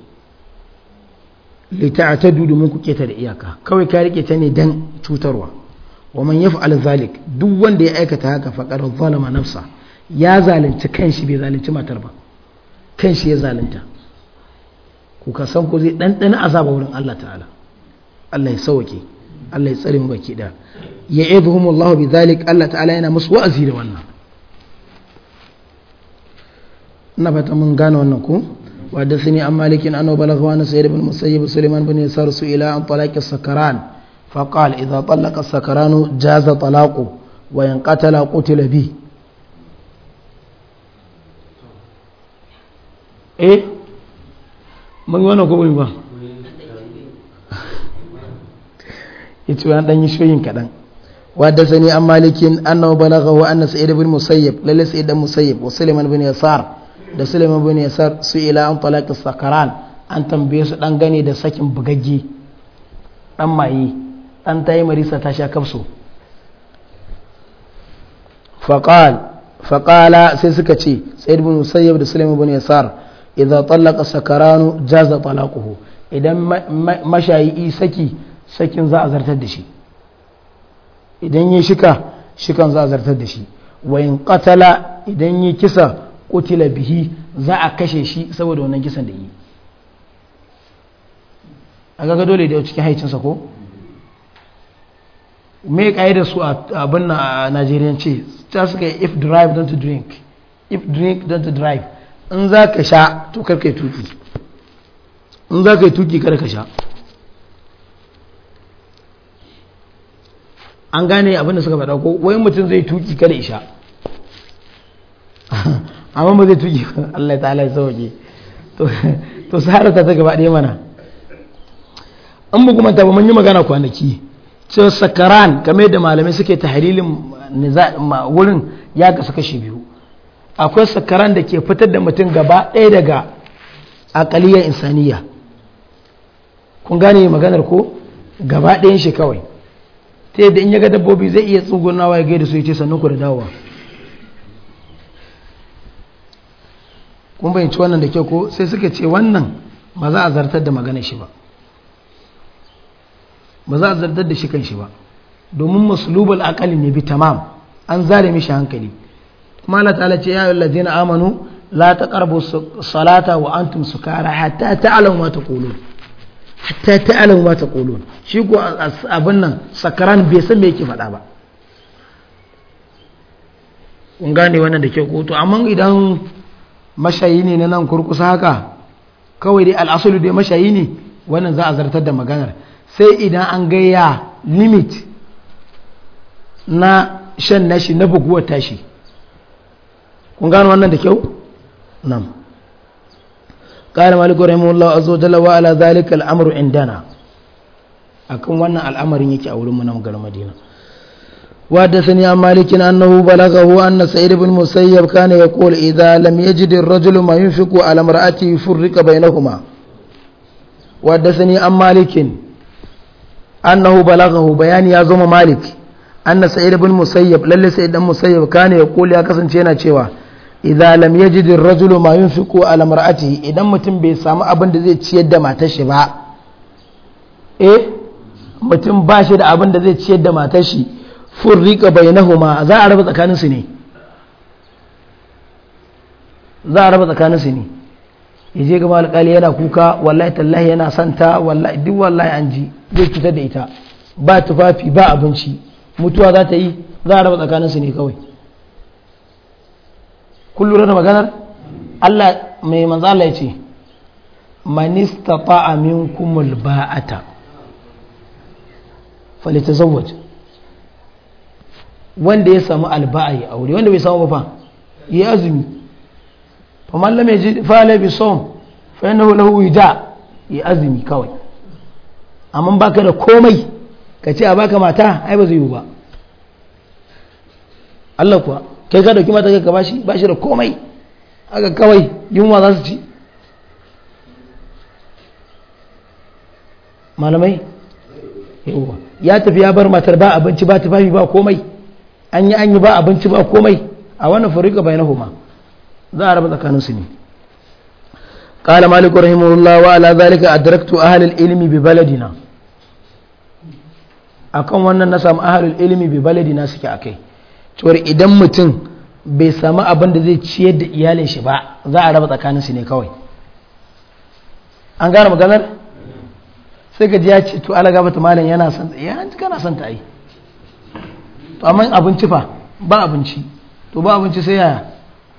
lita'tadu mun ku ƙeta da iyaka kawai ka rike ta ne don cutarwa wa man yaf'al zalik duk wanda ya aikata haka faƙar zalama nafsa ya zalunci kanshi bai zalunci matar ba kanshi ya zalunta ku ka san ku zai ɗanɗana azaba wurin Allah ta'ala Allah ya sauke Allah ya tsare baki da ya Allah bi zalik Allah ta'ala yana musu wa'azi da wannan na fata mun gane wannan ku وحدثني عن مالك أنه بلغه أن سعيد بن مسيب سليمان بن يسار سئل عن طلاق السكران فقال إذا طلق السكران جاز طلاقه وإن قتل قتل به إيه mun yi wannan ba ya ce wani ɗanyi shoyin kaɗan wadda sani an malikin an na balaga wa an na sa'id bin musayyib lalle sa'id bin musayyib wa suleiman bin yasar da suleiman bin yasar su ila an talaka sakaran an tambaye su dan gane da sakin bugagge dan maye dan tayi marisa ta sha kafso faƙala faqala sai suka ce sa'id bin musayyib da suleiman bin yasar idza talaqa sakaranu jaza talaquhu idan mashayi saki sakin za a zartar da shi idan yi shika shikan za a zartar da shi wa in qatala idan yi kisa qutila bihi za a kashe shi saboda wannan kisan da yi a ga dole da cikin haicinsa ko me da su abin na Najeriya ce ta suka if drive don to drink if drink don to drive in za ka sha to karka yi tuki in za ka yi tuki karka sha an gane abinda suka faɗa ko wai mutum zai tuki kada isha amma ba zai tuki Allah ta'ala ya sauke to sahara ta ta gaba ɗaya mana an bugu kuma ba mun yi magana kwanaki cewa sakaran kamar yadda malamai suke ta halilin wurin ya kasu kashi biyu akwai sakaran da ke fitar da mutum gaba ɗaya daga akaliyar insaniya kun gane maganar ko gaba ɗayan shi kawai ta yadda in ya ga dabbobi zai iya tsugunawa ya gaida su ya ce sannan ku da dawowa kun bayanci wannan da kyau ko sai suka ce wannan ba za a zartar da maganar shi ba ba za a zartar da shi kan shi ba domin maslubal akali ne bi tamam an zare mishi hankali kuma Allah ta'ala ce ya ayyuhallazina amanu la karba salata wa antum sukara hatta ta'lamu hatta ta'lamu ma taqulun shi ko abin nan sakaran bai san me yake faɗa ba kun gane wannan da ke koto amma idan mashayi ne na nan kurkusa haka kawai dai al'asulu dai mashayi ne wannan za a zartar da maganar sai idan an gaya limit na shan nashi na buguwar tashi kun gano wannan da kyau nan ƙarar malikun rahimunallah a zojala ala zalika al’amuru indana a kan wannan al’amarin yake a wurin munan gar madina wadda sani a malikin annahu balaga hu an bin musayyar ka ya kola idan lam ya ji din rajulu ma yin fiko alamar ati fun rika bai na kuma wadda sani an malikin annahu balaga bayani ya zama malik an na sa’id bin musayyar lalle sa’id dan musayyar ka ya kola ya kasance yana cewa idza lam yajid ar rajul ma yunfiqu ala mar'atihi idan mutum bai samu abin da zai ciyar da matar shi ba eh mutum ba shi da abin da zai ciyar da matar shi furriqa bainahuma za a raba tsakanin su ne za a raba tsakanin su ne yaje ga malikali yana kuka wallahi tallahi yana santa wallahi duk wallahi an ji zai cutar da ita ba tufafi ba abinci mutuwa za ta yi za a raba tsakanin su ne kawai kun lura da maganar Allah mai manzo Allah ya ce man istata'a minkum alba'ata falyatazawwaj wanda ya samu alba'a ya aure wanda bai samu ba fa ya azumi fa mallam lam yajid fa la bi som fa innahu lahu wida ya azumi kawai amma baka da komai ka ce a baka mata ai ba zai yi ba Allah kuwa kai ka dauki mata ka bashi bashi da komai aka kawai yunwa za su ci malamai ya tafi ya bar matar ba abinci ba tufafi ba komai an yi an yi ba abinci ba komai a wannan fariƙa bai na homa za a raba tsakaninsu ne قال مالك رحمه الله وعلى ذلك أدركت أهل العلم ببلدنا أكون وانا نسام أهل العلم ببلدنا سكي أكي cewar idan mutum bai samu abin da zai ciyar da iyalin shi ba za a raba tsakaninsu ne kawai an gane maganar sai ka jiya ya ce to ala gaba ta malam yana son ta yana na son ta yi to amma abinci fa ba abinci to ba abinci sai yaya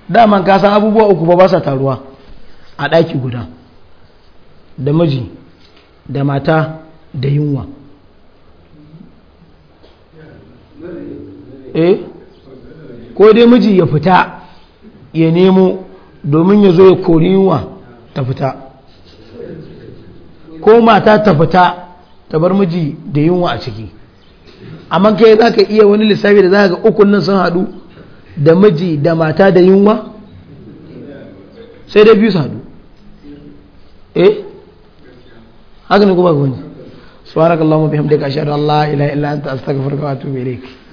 daman ka san abubuwa uku ba ba sa taruwa a ɗaki guda da miji da mata da yunwa eh ko dai miji ya fita ya nemo domin ya zo ya kori yunwa ta fita ko mata ta fita ta bar miji da yunwa a ciki amma kai za ka iya wani lissafi da za ka ga ukun nan sun haɗu da miji da mata da yunwa sai dai biyu su haɗu eh haka ne kuma ga wani subhanakallahumma mafi hamdaka an allah ila illa anta astaghfiruka wa atubu ilayk